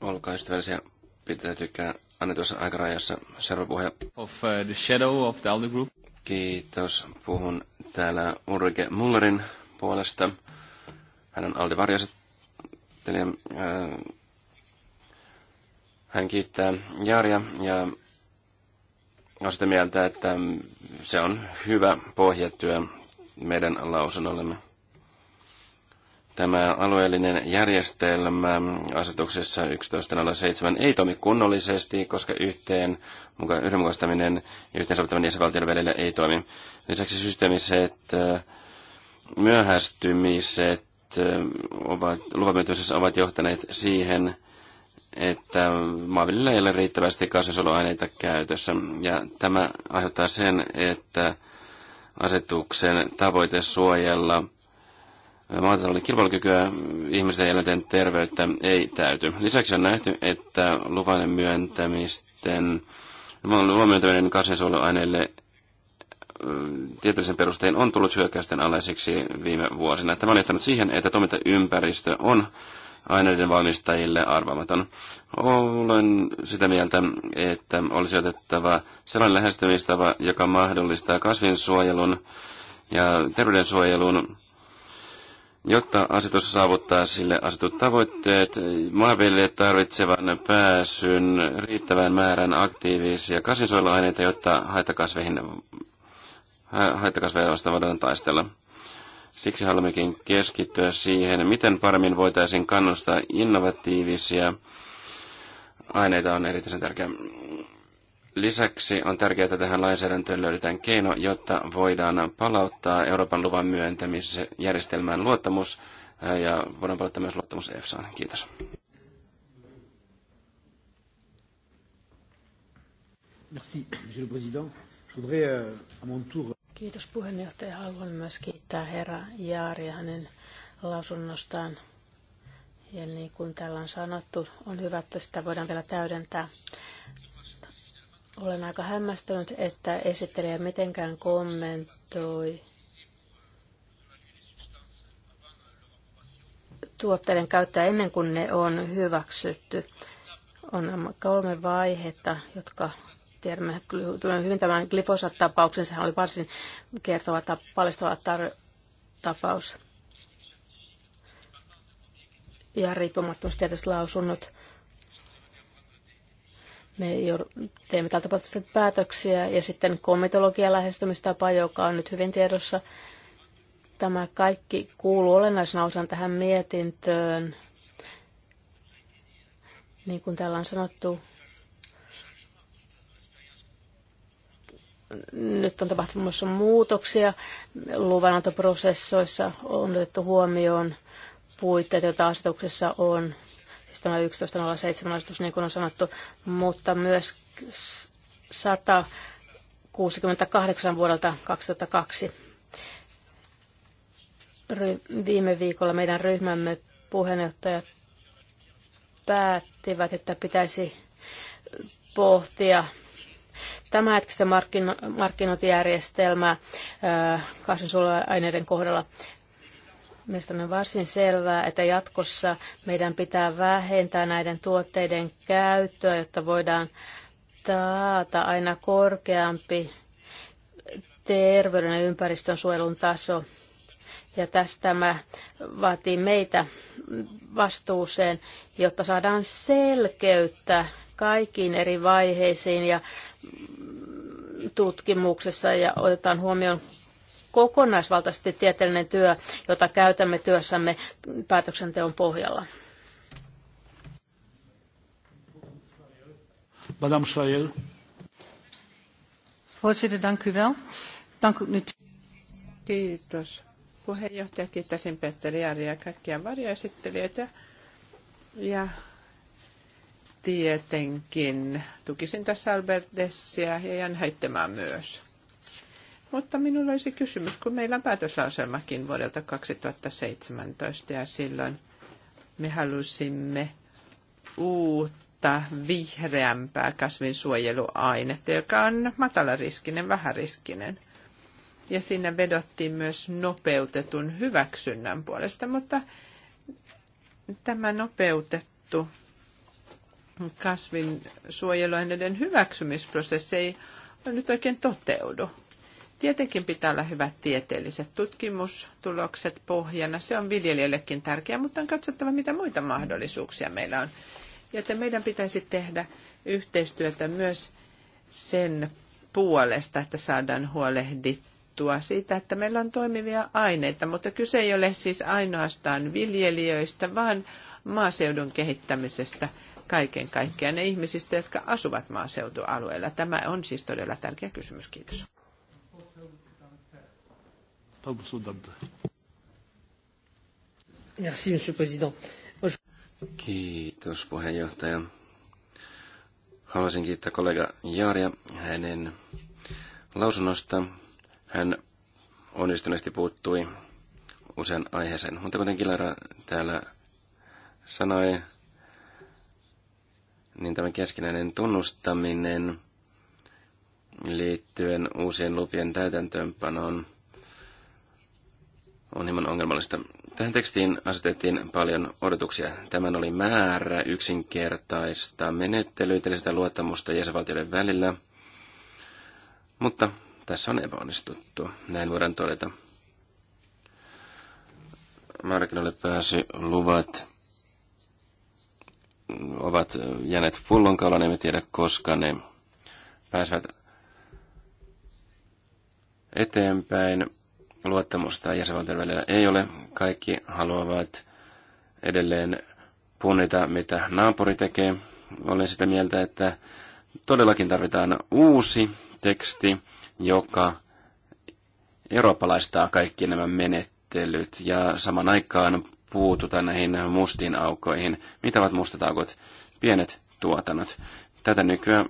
Olkaa ystävällisiä, pitäytykää annetussa aikarajassa. Seuraava puhuja. Of uh, the shadow of the Alder Group. Kiitos. Puhun täällä Ulrike Mullerin puolesta. Hän on Aldi Varjasattelija. Hän kiittää Jaaria ja on sitä mieltä, että se on hyvä pohjatyö meidän lausunnollemme. Tämä alueellinen järjestelmä asetuksessa 11.07 ei toimi kunnollisesti, koska yhteen yhdenmukaistaminen ja yhteensovittaminen jäsenvaltioiden välillä ei toimi. Lisäksi systeemiset myöhästymiset ovat, luvamyöntämisessä ovat johtaneet siihen, että maanviljellä ei ole riittävästi kasvisoloaineita käytössä. Ja tämä aiheuttaa sen, että asetuksen tavoite suojella maatalouden kilpailukykyä, ihmisten ja eläinten terveyttä ei täyty. Lisäksi on nähty, että luvan myöntämisten, luvan myöntäminen kasvinsuojeluaineille tieteellisen perustein on tullut hyökkäysten alaiseksi viime vuosina. Tämä on johtanut siihen, että toimintaympäristö on aineiden valmistajille arvaamaton. Olen sitä mieltä, että olisi otettava sellainen lähestymistapa, joka mahdollistaa kasvinsuojelun ja terveydensuojelun, jotta asetus saavuttaa sille asetut tavoitteet. maanviljelijä tarvitsevan pääsyn riittävän määrän aktiivisia kasvinsuojeluaineita, jotta haittakasveihin, haittakasveihin haittakasveja vastaan voidaan taistella. Siksi haluammekin keskittyä siihen, miten paremmin voitaisiin kannustaa innovatiivisia aineita on erityisen tärkeää. Lisäksi on tärkeää, että tähän lainsäädäntöön löydetään keino, jotta voidaan palauttaa Euroopan luvan myöntämisjärjestelmään luottamus ja voidaan palauttaa myös luottamus EFSAan. Kiitos. Merci, Monsieur le Président. Je voudrais euh, à mon tour Kiitos puheenjohtaja. Haluan myös kiittää herra ja hänen lausunnostaan. Ja niin kuin täällä on sanottu, on hyvä, että sitä voidaan vielä täydentää. Olen aika hämmästynyt, että esittelijä mitenkään kommentoi tuotteiden käyttöä ennen kuin ne on hyväksytty. On kolme vaihetta, jotka Tiedämme kyllä hyvin tämän glyfosat-tapauksen. Sehän oli varsin kertova, paljastava tar- tapaus. Ja riippumattomasti tietysti lausunnot me teemme tältä tapauksesta päätöksiä ja sitten komitologian lähestymistapa, joka on nyt hyvin tiedossa. Tämä kaikki kuuluu olennaisena osan tähän mietintöön. Niin kuin täällä on sanottu, nyt on tapahtumassa muutoksia. Luvanantoprosessoissa on otettu huomioon puitteet, joita asetuksessa on. Siis tämä 11.07 asetus, niin kuin on sanottu, mutta myös 168 vuodelta 2002. Ry- viime viikolla meidän ryhmämme puheenjohtajat päättivät, että pitäisi pohtia tämä markkino- markkinointijärjestelmää äh, kasvinsuojeluaineiden kohdalla. Mielestäni on varsin selvää, että jatkossa meidän pitää vähentää näiden tuotteiden käyttöä, jotta voidaan taata aina korkeampi terveyden ja ympäristön suojelun taso. Ja tästä tämä vaatii meitä vastuuseen, jotta saadaan selkeyttä kaikkiin eri vaiheisiin ja tutkimuksessa ja otetaan huomioon kokonaisvaltaisesti tieteellinen työ, jota käytämme työssämme päätöksenteon pohjalla. Madame Schreier. Voorzitter, dank Kiitos. Puheenjohtaja, kiittäisin Petteri Jari ja kaikkia varjoesittelijöitä ja tietenkin tukisin tässä Albertessia ja jään heittämään myös. Mutta minulla olisi kysymys, kun meillä on päätöslauselmakin vuodelta 2017 ja silloin me halusimme uutta vihreämpää kasvinsuojeluainetta, joka on matalariskinen, vähäriskinen. Ja siinä vedottiin myös nopeutetun hyväksynnän puolesta, mutta tämä nopeutettu kasvinsuojeluaineiden hyväksymisprosessi ei nyt oikein toteudu. Tietenkin pitää olla hyvät tieteelliset tutkimustulokset pohjana. Se on viljelijöillekin tärkeää, mutta on katsottava, mitä muita mahdollisuuksia meillä on. Joten meidän pitäisi tehdä yhteistyötä myös sen puolesta, että saadaan huolehdittua siitä, että meillä on toimivia aineita. Mutta kyse ei ole siis ainoastaan viljelijöistä, vaan maaseudun kehittämisestä – kaiken kaikkiaan ne ihmisistä, jotka asuvat maaseutualueella. Tämä on siis todella tärkeä kysymys. Kiitos. Merci, monsieur président. Kiitos puheenjohtaja. Haluaisin kiittää kollega Jaaria hänen lausunnosta. Hän onnistuneesti puuttui usean aiheeseen. Mutta kuten Kilara täällä sanoi, niin tämä keskinäinen tunnustaminen liittyen uusien lupien täytäntöönpanoon on hieman ongelmallista. Tähän tekstiin asetettiin paljon odotuksia. Tämän oli määrä yksinkertaista menettelyitä sitä luottamusta jäsenvaltioiden välillä, mutta tässä on epäonnistuttu, näin voidaan todeta. Markkinoille pääsy, luvat, ovat jääneet pullonkaulaan, emme tiedä koska ne pääsevät eteenpäin. Luottamusta jäsenvaltion välillä ei ole. Kaikki haluavat edelleen punnita, mitä naapuri tekee. Olen sitä mieltä, että todellakin tarvitaan uusi teksti, joka eurooppalaistaa kaikki nämä menettelyt ja saman aikaan puututa näihin mustiin aukoihin. Mitä ovat mustat aukot? Pienet tuotannot. Tätä nykyään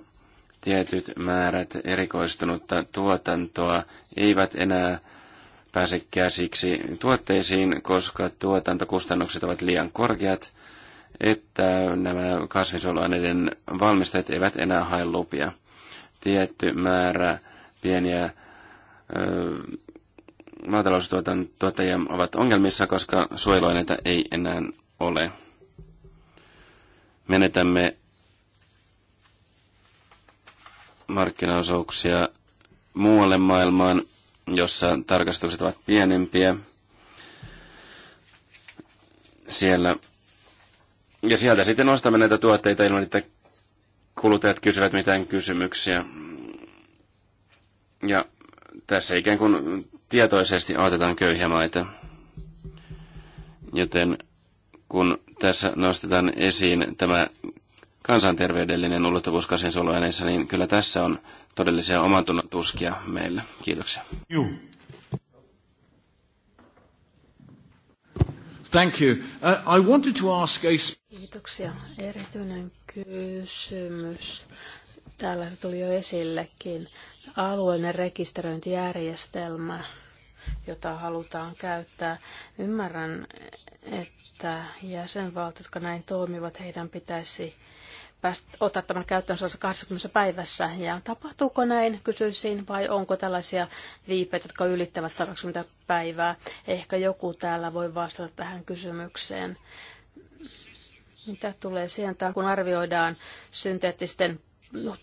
tietyt määrät erikoistunutta tuotantoa eivät enää pääse käsiksi tuotteisiin, koska tuotantokustannukset ovat liian korkeat, että nämä kasvinsuojeluaineiden valmistajat eivät enää hae lupia. Tietty määrä pieniä maataloustuottajia ovat ongelmissa, koska suojeluaineita ei enää ole. Menetämme markkinaosuuksia muualle maailmaan, jossa tarkastukset ovat pienempiä. Siellä. Ja sieltä sitten ostamme näitä tuotteita ilman, että kuluttajat kysyvät mitään kysymyksiä. Ja tässä ikään kuin tietoisesti autetaan köyhiä maita. Joten kun tässä nostetaan esiin tämä kansanterveydellinen ulottuvuus kasvinsuojeluaineissa, niin kyllä tässä on todellisia omantunnon tuskia meillä. Kiitoksia. Juh. Thank you. Uh, I wanted to ask a... Kiitoksia. Erityinen kysymys. Täällä se tuli jo esillekin alueellinen rekisteröintijärjestelmä, jota halutaan käyttää. Ymmärrän, että jäsenvaltiot, jotka näin toimivat, heidän pitäisi päästä, ottaa tämän käyttöön 80 päivässä. Ja tapahtuuko näin, kysyisin, vai onko tällaisia viipeitä, jotka ylittävät 120 päivää? Ehkä joku täällä voi vastata tähän kysymykseen. Mitä tulee siihen, kun arvioidaan synteettisten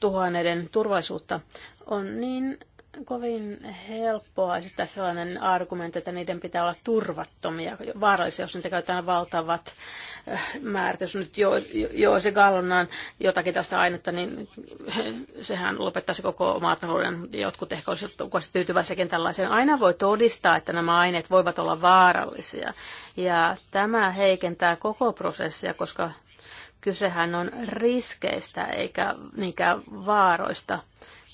tuhoaineiden turvallisuutta, on niin kovin helppoa esittää sellainen argumentti, että niiden pitää olla turvattomia, vaarallisia, jos niitä käytetään valtavat äh, määrät. Jos nyt jo, jo se gallonaan jotakin tästä ainetta, niin sehän lopettaisi koko maatalouden. Jotkut ehkä olisivat tyytyväisiäkin tällaiseen. Aina voi todistaa, että nämä aineet voivat olla vaarallisia. Ja tämä heikentää koko prosessia, koska Kysehän on riskeistä eikä niinkään vaaroista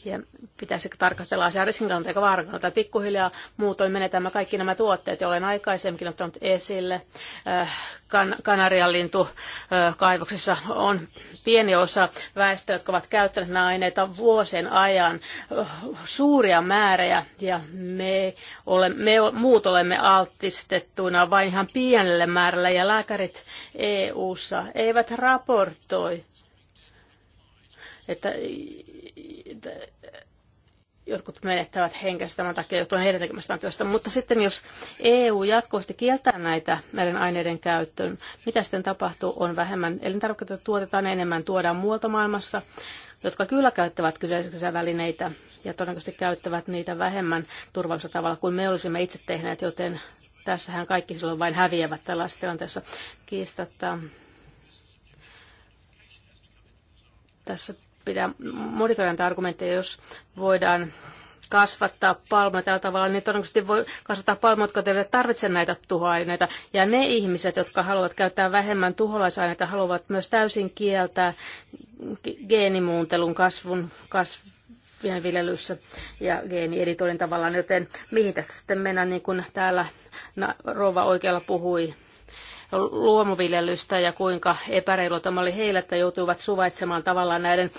ja pitäisi tarkastella asiaa riskin kannalta eikä vaaran kannalta. Pikkuhiljaa muutoin menetämme kaikki nämä tuotteet, ja olen aikaisemminkin ottanut esille. Äh, kan- kanarialintu äh, kaivoksessa on pieni osa väestöä, jotka ovat käyttäneet nämä aineita vuosien ajan äh, suuria määriä, ja me, ole, me muut olemme altistettuina vain ihan pienelle määrälle, ja lääkärit EU-ssa eivät raportoi että jotkut menettävät henkensä tämän takia johtuen heidän tekemästään työstä. Mutta sitten jos EU jatkuvasti kieltää näitä, näiden aineiden käyttöön, mitä sitten tapahtuu, on vähemmän elintarvikkeita tuotetaan, enemmän tuodaan muualta maailmassa, jotka kyllä käyttävät kyseisiä välineitä ja todennäköisesti käyttävät niitä vähemmän turvallisella tavalla kuin me olisimme itse tehneet, joten tässähän kaikki silloin vain häviävät tällaisessa tilanteessa kiistattaa Tässä pidä modifioida argumentteja, jos voidaan kasvattaa palmoja tällä tavalla, niin todennäköisesti voi kasvattaa palmoja, jotka eivät tarvitse näitä tuhoaineita. Ja ne ihmiset, jotka haluavat käyttää vähemmän tuholaisaineita, haluavat myös täysin kieltää geenimuuntelun kasvun, kasvien viljelyssä ja geenieditoinnin tavallaan, joten mihin tästä sitten mennään, niin kuin täällä Rova oikealla puhui, luomuviljelystä ja kuinka epäreilu tämä oli heillä, että joutuivat suvaitsemaan tavallaan näiden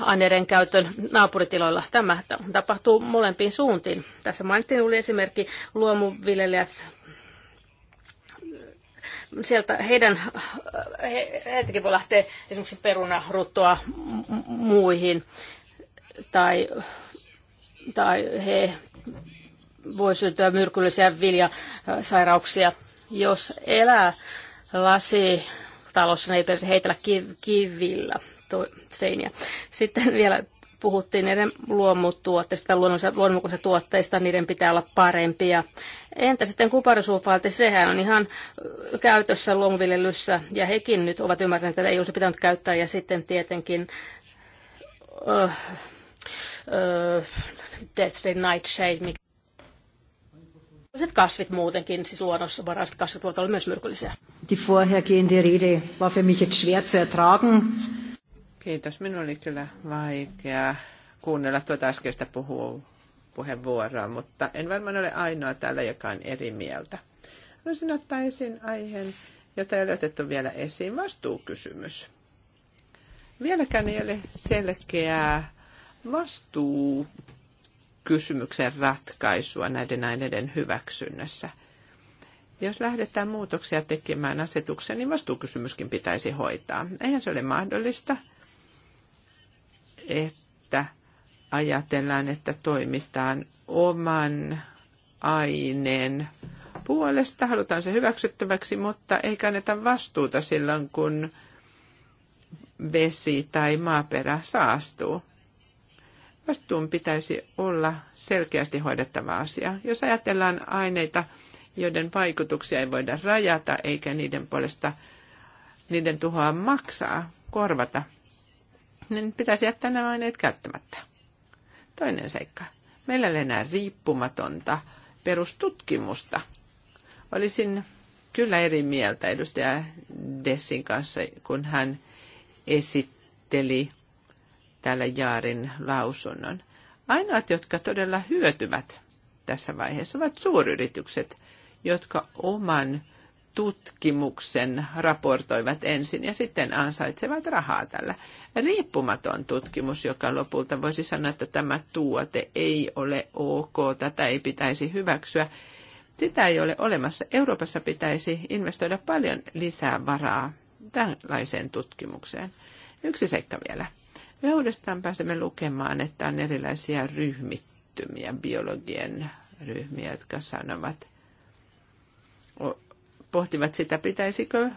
aineiden käytön naapuritiloilla. Tämä tapahtuu molempiin suuntiin. Tässä mainittiin oli esimerkki luomuviljelijät sieltä heidän, he, heiltäkin voi lähteä esimerkiksi perunaruttoa muihin tai, tai he voi syntyä myrkyllisiä viljasairauksia jos elää lasi talossa, niin ei pitäisi heitellä kivillä seiniä. Sitten *laughs* vielä puhuttiin näiden luomutuotteista, luonnonmukaisista tuotteista, niiden pitää olla parempia. Entä sitten kuparisulfaatti, sehän on ihan käytössä luomuviljelyssä, ja hekin nyt ovat ymmärtäneet, että ei olisi pitänyt käyttää, ja sitten tietenkin öö, öö, Deathly Nightshade, Myrkylliset kasvit muutenkin, siis luonnossa varaiset kasvit voivat olla myös myrkyllisiä. Die vorhergehende Rede war für mich jetzt schwer zu ertragen. Kiitos. Minun oli kyllä vaikea kuunnella tuota äskeistä puheenvuoroa, mutta en varmaan ole ainoa täällä, joka on eri mieltä. Haluaisin ottaa esiin aiheen, jota ei ole otettu vielä esiin, vastuukysymys. Vieläkään ei ole selkeää vastuu kysymyksen ratkaisua näiden aineiden hyväksynnässä. Jos lähdetään muutoksia tekemään asetukseen, niin vastuukysymyskin pitäisi hoitaa. Eihän se ole mahdollista, että ajatellaan, että toimitaan oman aineen puolesta, halutaan se hyväksyttäväksi, mutta ei kanneta vastuuta silloin, kun vesi tai maaperä saastuu. Vastuun pitäisi olla selkeästi hoidettava asia. Jos ajatellaan aineita, joiden vaikutuksia ei voida rajata eikä niiden puolesta niiden tuhoa maksaa, korvata, niin pitäisi jättää nämä aineet käyttämättä. Toinen seikka. Meillä ei ole enää riippumatonta perustutkimusta. Olisin kyllä eri mieltä edustaja Dessin kanssa, kun hän esitteli täällä Jaarin lausunnon. Ainoat, jotka todella hyötyvät tässä vaiheessa, ovat suuryritykset, jotka oman tutkimuksen raportoivat ensin ja sitten ansaitsevat rahaa tällä. Riippumaton tutkimus, joka lopulta voisi sanoa, että tämä tuote ei ole ok, tätä ei pitäisi hyväksyä. Sitä ei ole olemassa. Euroopassa pitäisi investoida paljon lisää varaa tällaiseen tutkimukseen. Yksi seikka vielä. Me uudestaan pääsemme lukemaan, että on erilaisia ryhmittymiä, biologien ryhmiä, jotka sanovat, pohtivat sitä, pitäisikö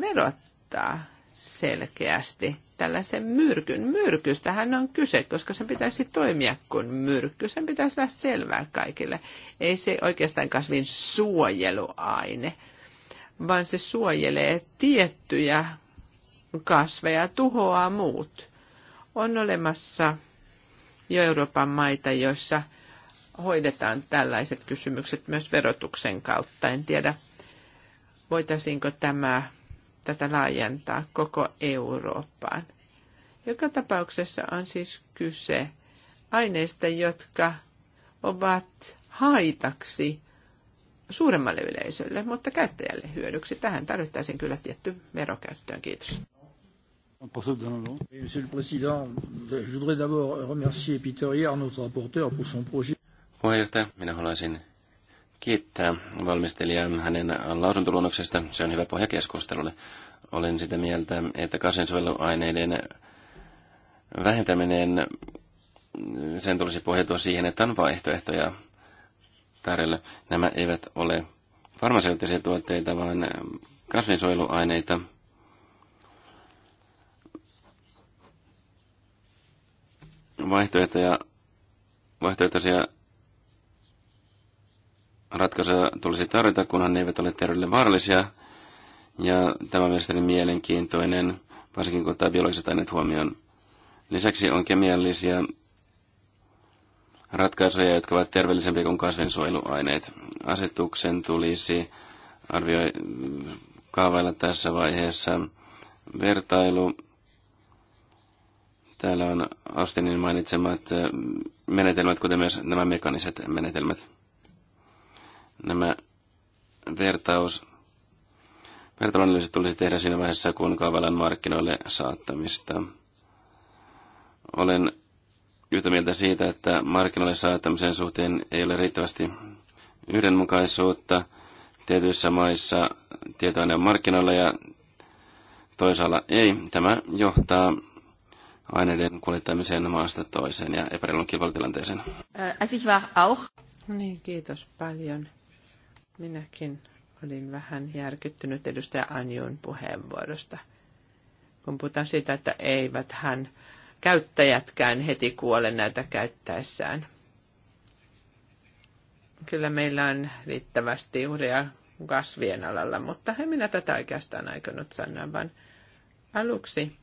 verottaa selkeästi tällaisen myrkyn. Myrkystähän on kyse, koska sen pitäisi toimia kuin myrkky. Sen pitäisi olla selvää kaikille. Ei se oikeastaan kasvin suojeluaine, vaan se suojelee tiettyjä kasveja, tuhoaa muut. On olemassa jo Euroopan maita, joissa hoidetaan tällaiset kysymykset myös verotuksen kautta. En tiedä, voitaisiinko tämä, tätä laajentaa koko Eurooppaan. Joka tapauksessa on siis kyse aineista, jotka ovat haitaksi suuremmalle yleisölle, mutta käyttäjälle hyödyksi. Tähän tarvittaisiin kyllä tietty verokäyttöön. Kiitos. Monsieur le Président, je voudrais d'abord remercier Peter Yar, notre rapporteur, pour son projet. Puheenjohtaja, minä haluaisin kiittää valmistelijaa hänen lausuntoluonnoksesta. Se on hyvä pohja keskustelulle. Olen sitä mieltä, että kasvinsuojeluaineiden vähentäminen, sen tulisi pohjautua siihen, että on vaihtoehtoja tarjolla. Nämä eivät ole farmaseuttisia tuotteita, vaan kasvinsuojeluaineita – vaihtoehtoja, vaihtoehtoisia ratkaisuja tulisi tarjota, kunhan ne eivät ole terveydelle vaarallisia. Ja tämä on mielestäni mielenkiintoinen, varsinkin kun ottaa biologiset aineet huomioon. Lisäksi on kemiallisia ratkaisuja, jotka ovat terveellisempiä kuin kasvinsuojeluaineet. Asetuksen tulisi arvioi kaavailla tässä vaiheessa vertailu Täällä on Austinin mainitsemat äh, menetelmät, kuten myös nämä mekaniset menetelmät. Nämä vertaus, vertailuanalyysit tulisi tehdä siinä vaiheessa, kun kaavallan markkinoille saattamista. Olen yhtä mieltä siitä, että markkinoille saattamisen suhteen ei ole riittävästi yhdenmukaisuutta. Tietyissä maissa tietoinen on markkinoilla ja toisaalla ei. Tämä johtaa aineiden kuljettamiseen maasta toiseen ja epäreilun kilpailutilanteeseen. Äh, no niin, kiitos paljon. Minäkin olin vähän järkyttynyt edustaja Anjun puheenvuorosta. Kun puhutaan siitä, että eivät hän käyttäjätkään heti kuole näitä käyttäessään. Kyllä meillä on riittävästi uhria kasvien alalla, mutta en minä tätä oikeastaan aikonut sanoa, vaan aluksi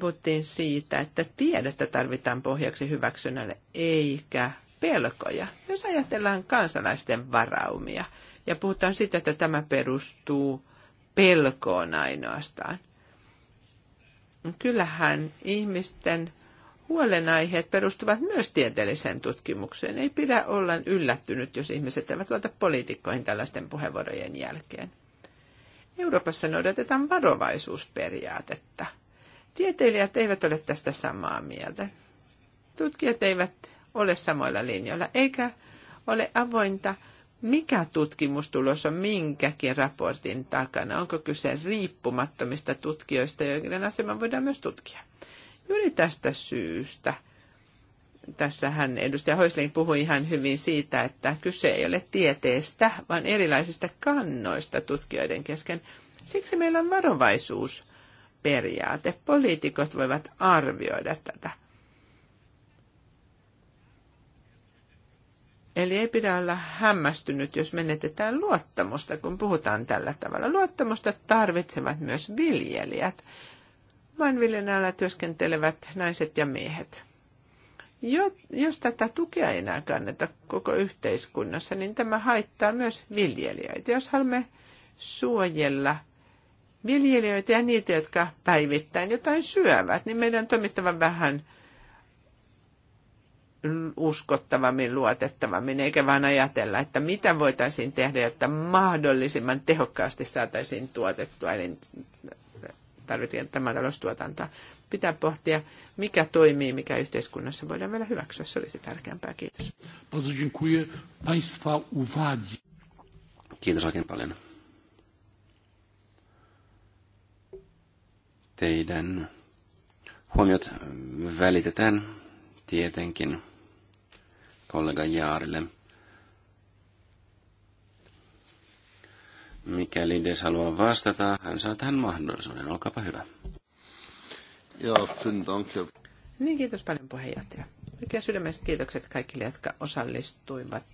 puhuttiin siitä, että tiedettä tarvitaan pohjaksi hyväksynnälle, eikä pelkoja. Jos ajatellaan kansalaisten varaumia ja puhutaan siitä, että tämä perustuu pelkoon ainoastaan. Kyllähän ihmisten huolenaiheet perustuvat myös tieteelliseen tutkimukseen. Ei pidä olla yllättynyt, jos ihmiset eivät luota poliitikkoihin tällaisten puheenvuorojen jälkeen. Euroopassa noudatetaan varovaisuusperiaatetta – Tieteilijät eivät ole tästä samaa mieltä. Tutkijat eivät ole samoilla linjoilla, eikä ole avointa, mikä tutkimustulos on minkäkin raportin takana. Onko kyse riippumattomista tutkijoista, joiden asema voidaan myös tutkia. Juuri tästä syystä tässähän edustaja Hoisling puhui ihan hyvin siitä, että kyse ei ole tieteestä, vaan erilaisista kannoista tutkijoiden kesken. Siksi meillä on varovaisuus periaate. Poliitikot voivat arvioida tätä. Eli ei pidä olla hämmästynyt, jos menetetään luottamusta, kun puhutaan tällä tavalla. Luottamusta tarvitsevat myös viljelijät. Maanviljelyn työskentelevät naiset ja miehet. Jo, jos tätä tukea ei enää kanneta koko yhteiskunnassa, niin tämä haittaa myös viljelijöitä. Jos haluamme suojella viljelijöitä ja niitä, jotka päivittäin jotain syövät, niin meidän on toimittava vähän uskottavammin, luotettavammin, eikä vain ajatella, että mitä voitaisiin tehdä, jotta mahdollisimman tehokkaasti saataisiin tuotettua niin tarvitaan tämä taloustuotantoa. Pitää pohtia, mikä toimii, mikä yhteiskunnassa voidaan vielä hyväksyä. Se olisi tärkeämpää. Kiitos. Kiitos oikein paljon. teidän huomiot välitetään tietenkin kollega Jaarille. Mikäli Des haluaa vastata, hän saa tähän mahdollisuuden. Olkaapa hyvä. Ja, Niin, kiitos paljon puheenjohtaja. Oikein sydämestä kiitokset kaikille, jotka osallistuivat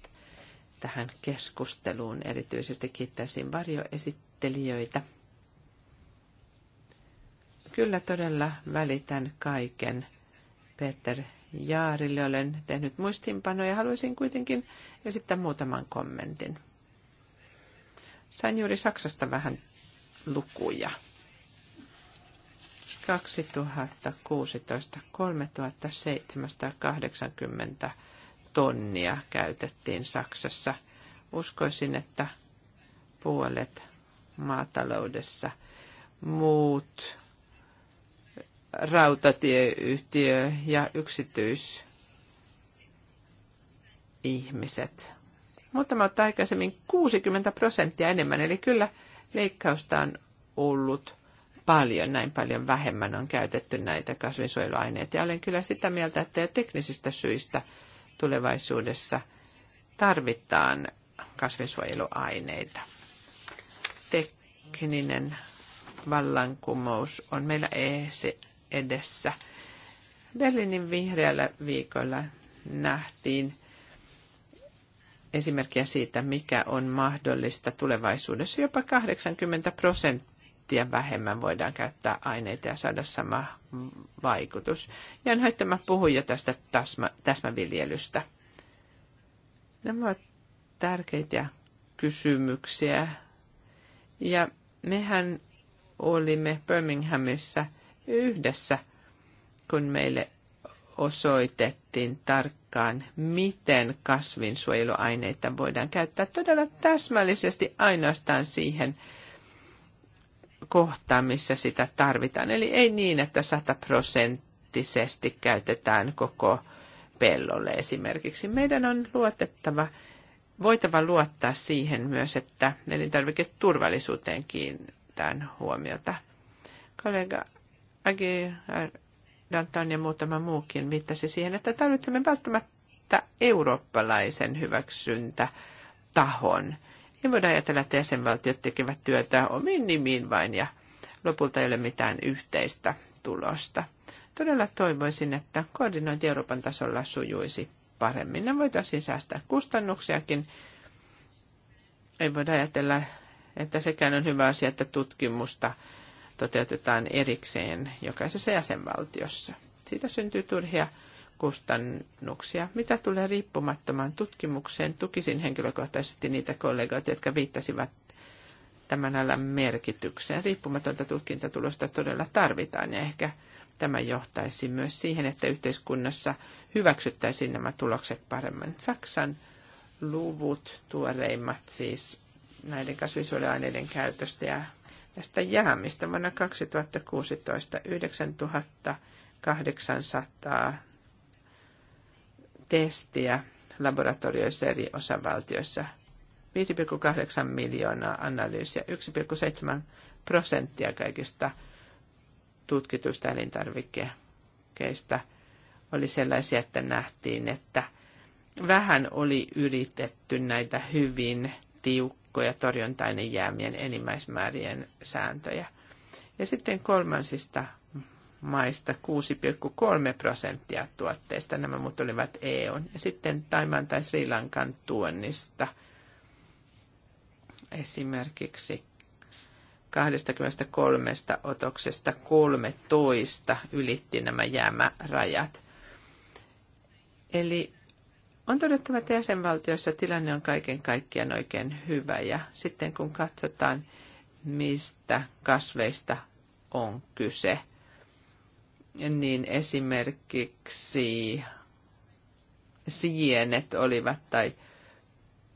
tähän keskusteluun. Erityisesti kiittäisin varjoesittelijöitä kyllä todella välitän kaiken Peter Jaarille. Olen tehnyt ja Haluaisin kuitenkin esittää muutaman kommentin. Sain juuri Saksasta vähän lukuja. 2016 3780 tonnia käytettiin Saksassa. Uskoisin, että puolet maataloudessa, muut rautatieyhtiö ja yksityisihmiset. Mutta mä aikaisemmin 60 prosenttia enemmän, eli kyllä leikkausta on ollut paljon, näin paljon vähemmän on käytetty näitä kasvinsuojeluaineita. Ja olen kyllä sitä mieltä, että jo teknisistä syistä tulevaisuudessa tarvitaan kasvinsuojeluaineita. Tekninen vallankumous on meillä edessä. Berliinin vihreällä viikolla nähtiin esimerkkiä siitä, mikä on mahdollista tulevaisuudessa. Jopa 80 prosenttia vähemmän voidaan käyttää aineita ja saada sama vaikutus. että mä puhun jo tästä täsmä, täsmäviljelystä. Nämä ovat tärkeitä kysymyksiä. Ja mehän olimme Birminghamissa – yhdessä, kun meille osoitettiin tarkkaan, miten kasvinsuojeluaineita voidaan käyttää todella täsmällisesti ainoastaan siihen kohtaan, missä sitä tarvitaan. Eli ei niin, että sataprosenttisesti käytetään koko pellolle esimerkiksi. Meidän on luotettava, voitava luottaa siihen myös, että elintarviketurvallisuuteen kiinnitetään huomiota. Kollega AGR äh, Dantan ja muutama muukin viittasi siihen, että tarvitsemme välttämättä eurooppalaisen tahon Ei voida ajatella, että jäsenvaltiot tekevät työtä omiin nimiin vain ja lopulta ei ole mitään yhteistä tulosta. Todella toivoisin, että koordinointi Euroopan tasolla sujuisi paremmin. Ne voitaisiin säästää kustannuksiakin. Ei voida ajatella, että sekään on hyvä asia, että tutkimusta toteutetaan erikseen jokaisessa jäsenvaltiossa. Siitä syntyy turhia kustannuksia. Mitä tulee riippumattomaan tutkimukseen, tukisin henkilökohtaisesti niitä kollegoita, jotka viittasivat tämän alan merkitykseen. Riippumatonta tutkintatulosta todella tarvitaan ja ehkä tämä johtaisi myös siihen, että yhteiskunnassa hyväksyttäisiin nämä tulokset paremmin. Saksan luvut, tuoreimmat siis näiden kasvisuojeluaineiden käytöstä ja tästä jäämistä vuonna 2016 9800 testiä laboratorioissa eri osavaltioissa. 5,8 miljoonaa analyysiä, 1,7 prosenttia kaikista tutkituista elintarvikkeista oli sellaisia, että nähtiin, että vähän oli yritetty näitä hyvin tiukkoja tiukkoja torjuntainen jäämien enimmäismäärien sääntöjä. Ja sitten kolmansista maista 6,3 prosenttia tuotteista. Nämä muut olivat EUn. Ja sitten Taiman tai Sri Lankan tuonnista esimerkiksi 23 otoksesta 13 ylitti nämä jäämärajat. Eli on todettava, että jäsenvaltioissa tilanne on kaiken kaikkiaan oikein hyvä ja sitten kun katsotaan, mistä kasveista on kyse, niin esimerkiksi sienet olivat tai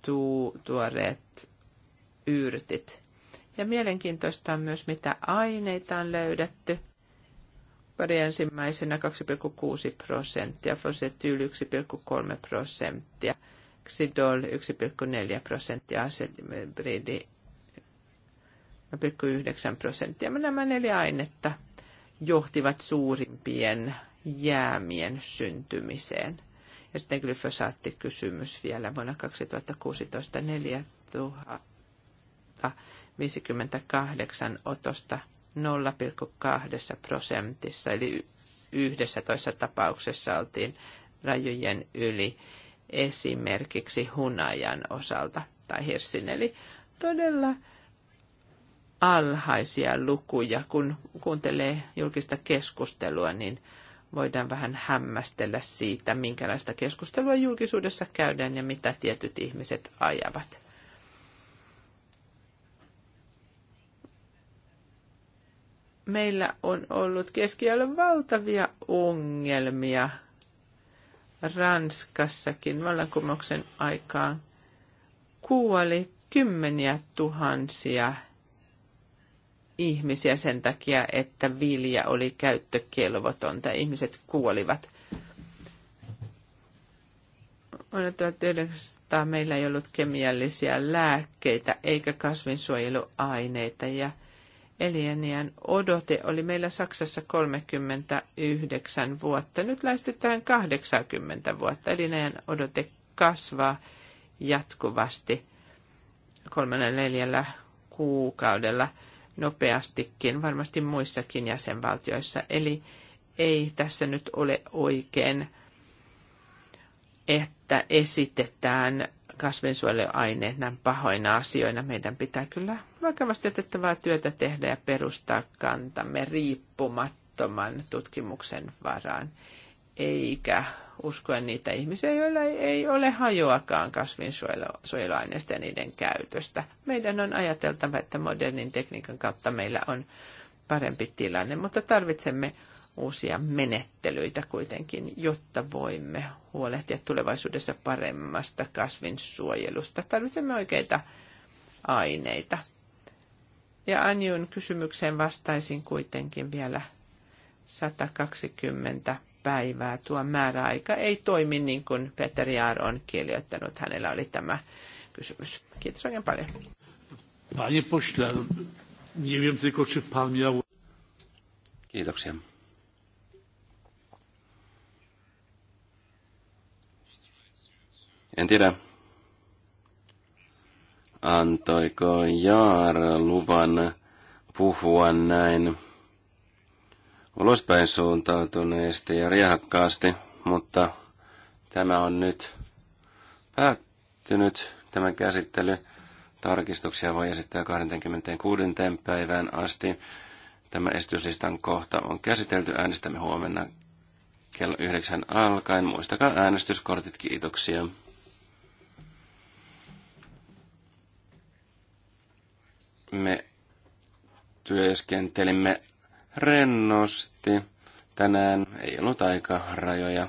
tu- tuoreet yrtit. Ja mielenkiintoista on myös, mitä aineita on löydetty – Pari ensimmäisenä 2,6 prosenttia, Fosetyl 1,3 prosenttia, Xidol 1,4 prosenttia, Asetibridi 0,9 prosenttia. Nämä neljä ainetta johtivat suurimpien jäämien syntymiseen. Ja sitten glyfosaattikysymys vielä vuonna 2016 4058 otosta 0,2 prosentissa, eli yhdessä toisessa tapauksessa oltiin rajojen yli esimerkiksi hunajan osalta tai hirssin. Eli todella alhaisia lukuja. Kun kuuntelee julkista keskustelua, niin voidaan vähän hämmästellä siitä, minkälaista keskustelua julkisuudessa käydään ja mitä tietyt ihmiset ajavat. meillä on ollut keskiöllä valtavia ongelmia Ranskassakin vallankumouksen aikaan. Kuoli kymmeniä tuhansia ihmisiä sen takia, että vilja oli käyttökelvotonta. Ihmiset kuolivat. Vuonna 1900 meillä ei ollut kemiallisia lääkkeitä eikä kasvinsuojeluaineita ja – eliniän odote oli meillä Saksassa 39 vuotta. Nyt lähestytään 80 vuotta. Elinajan odote kasvaa jatkuvasti kolmannella neljällä kuukaudella nopeastikin, varmasti muissakin jäsenvaltioissa. Eli ei tässä nyt ole oikein, että esitetään Kasvinsuojeluaineet näin pahoina asioina. Meidän pitää kyllä vakavasti otettavaa työtä tehdä ja perustaa kantamme riippumattoman tutkimuksen varaan, eikä uskoa niitä ihmisiä, joilla ei ole hajoakaan kasvinsuojeluaineista ja niiden käytöstä. Meidän on ajateltava, että modernin tekniikan kautta meillä on parempi tilanne, mutta tarvitsemme uusia menettelyitä kuitenkin, jotta voimme huolehtia tulevaisuudessa paremmasta kasvinsuojelusta. Tarvitsemme oikeita aineita. Ja Anjun kysymykseen vastaisin kuitenkin vielä 120 päivää. Tuo määräaika ei toimi niin kuin Peter Jaar on kirjoittanut. Hänellä oli tämä kysymys. Kiitos oikein paljon. Panie pośle, nie wiem tylko, czy pan miał... Kiitoksia. En tiedä, antoiko Jaar luvan puhua näin ulospäin suuntautuneesti ja riehakkaasti, mutta tämä on nyt päättynyt, tämä käsittely. Tarkistuksia voi esittää 26. päivään asti. Tämä esityslistan kohta on käsitelty. Äänestämme huomenna kello 9 alkaen. Muistakaa äänestyskortit. Kiitoksia. Me työskentelimme rennosti. Tänään ei ollut aika rajoja.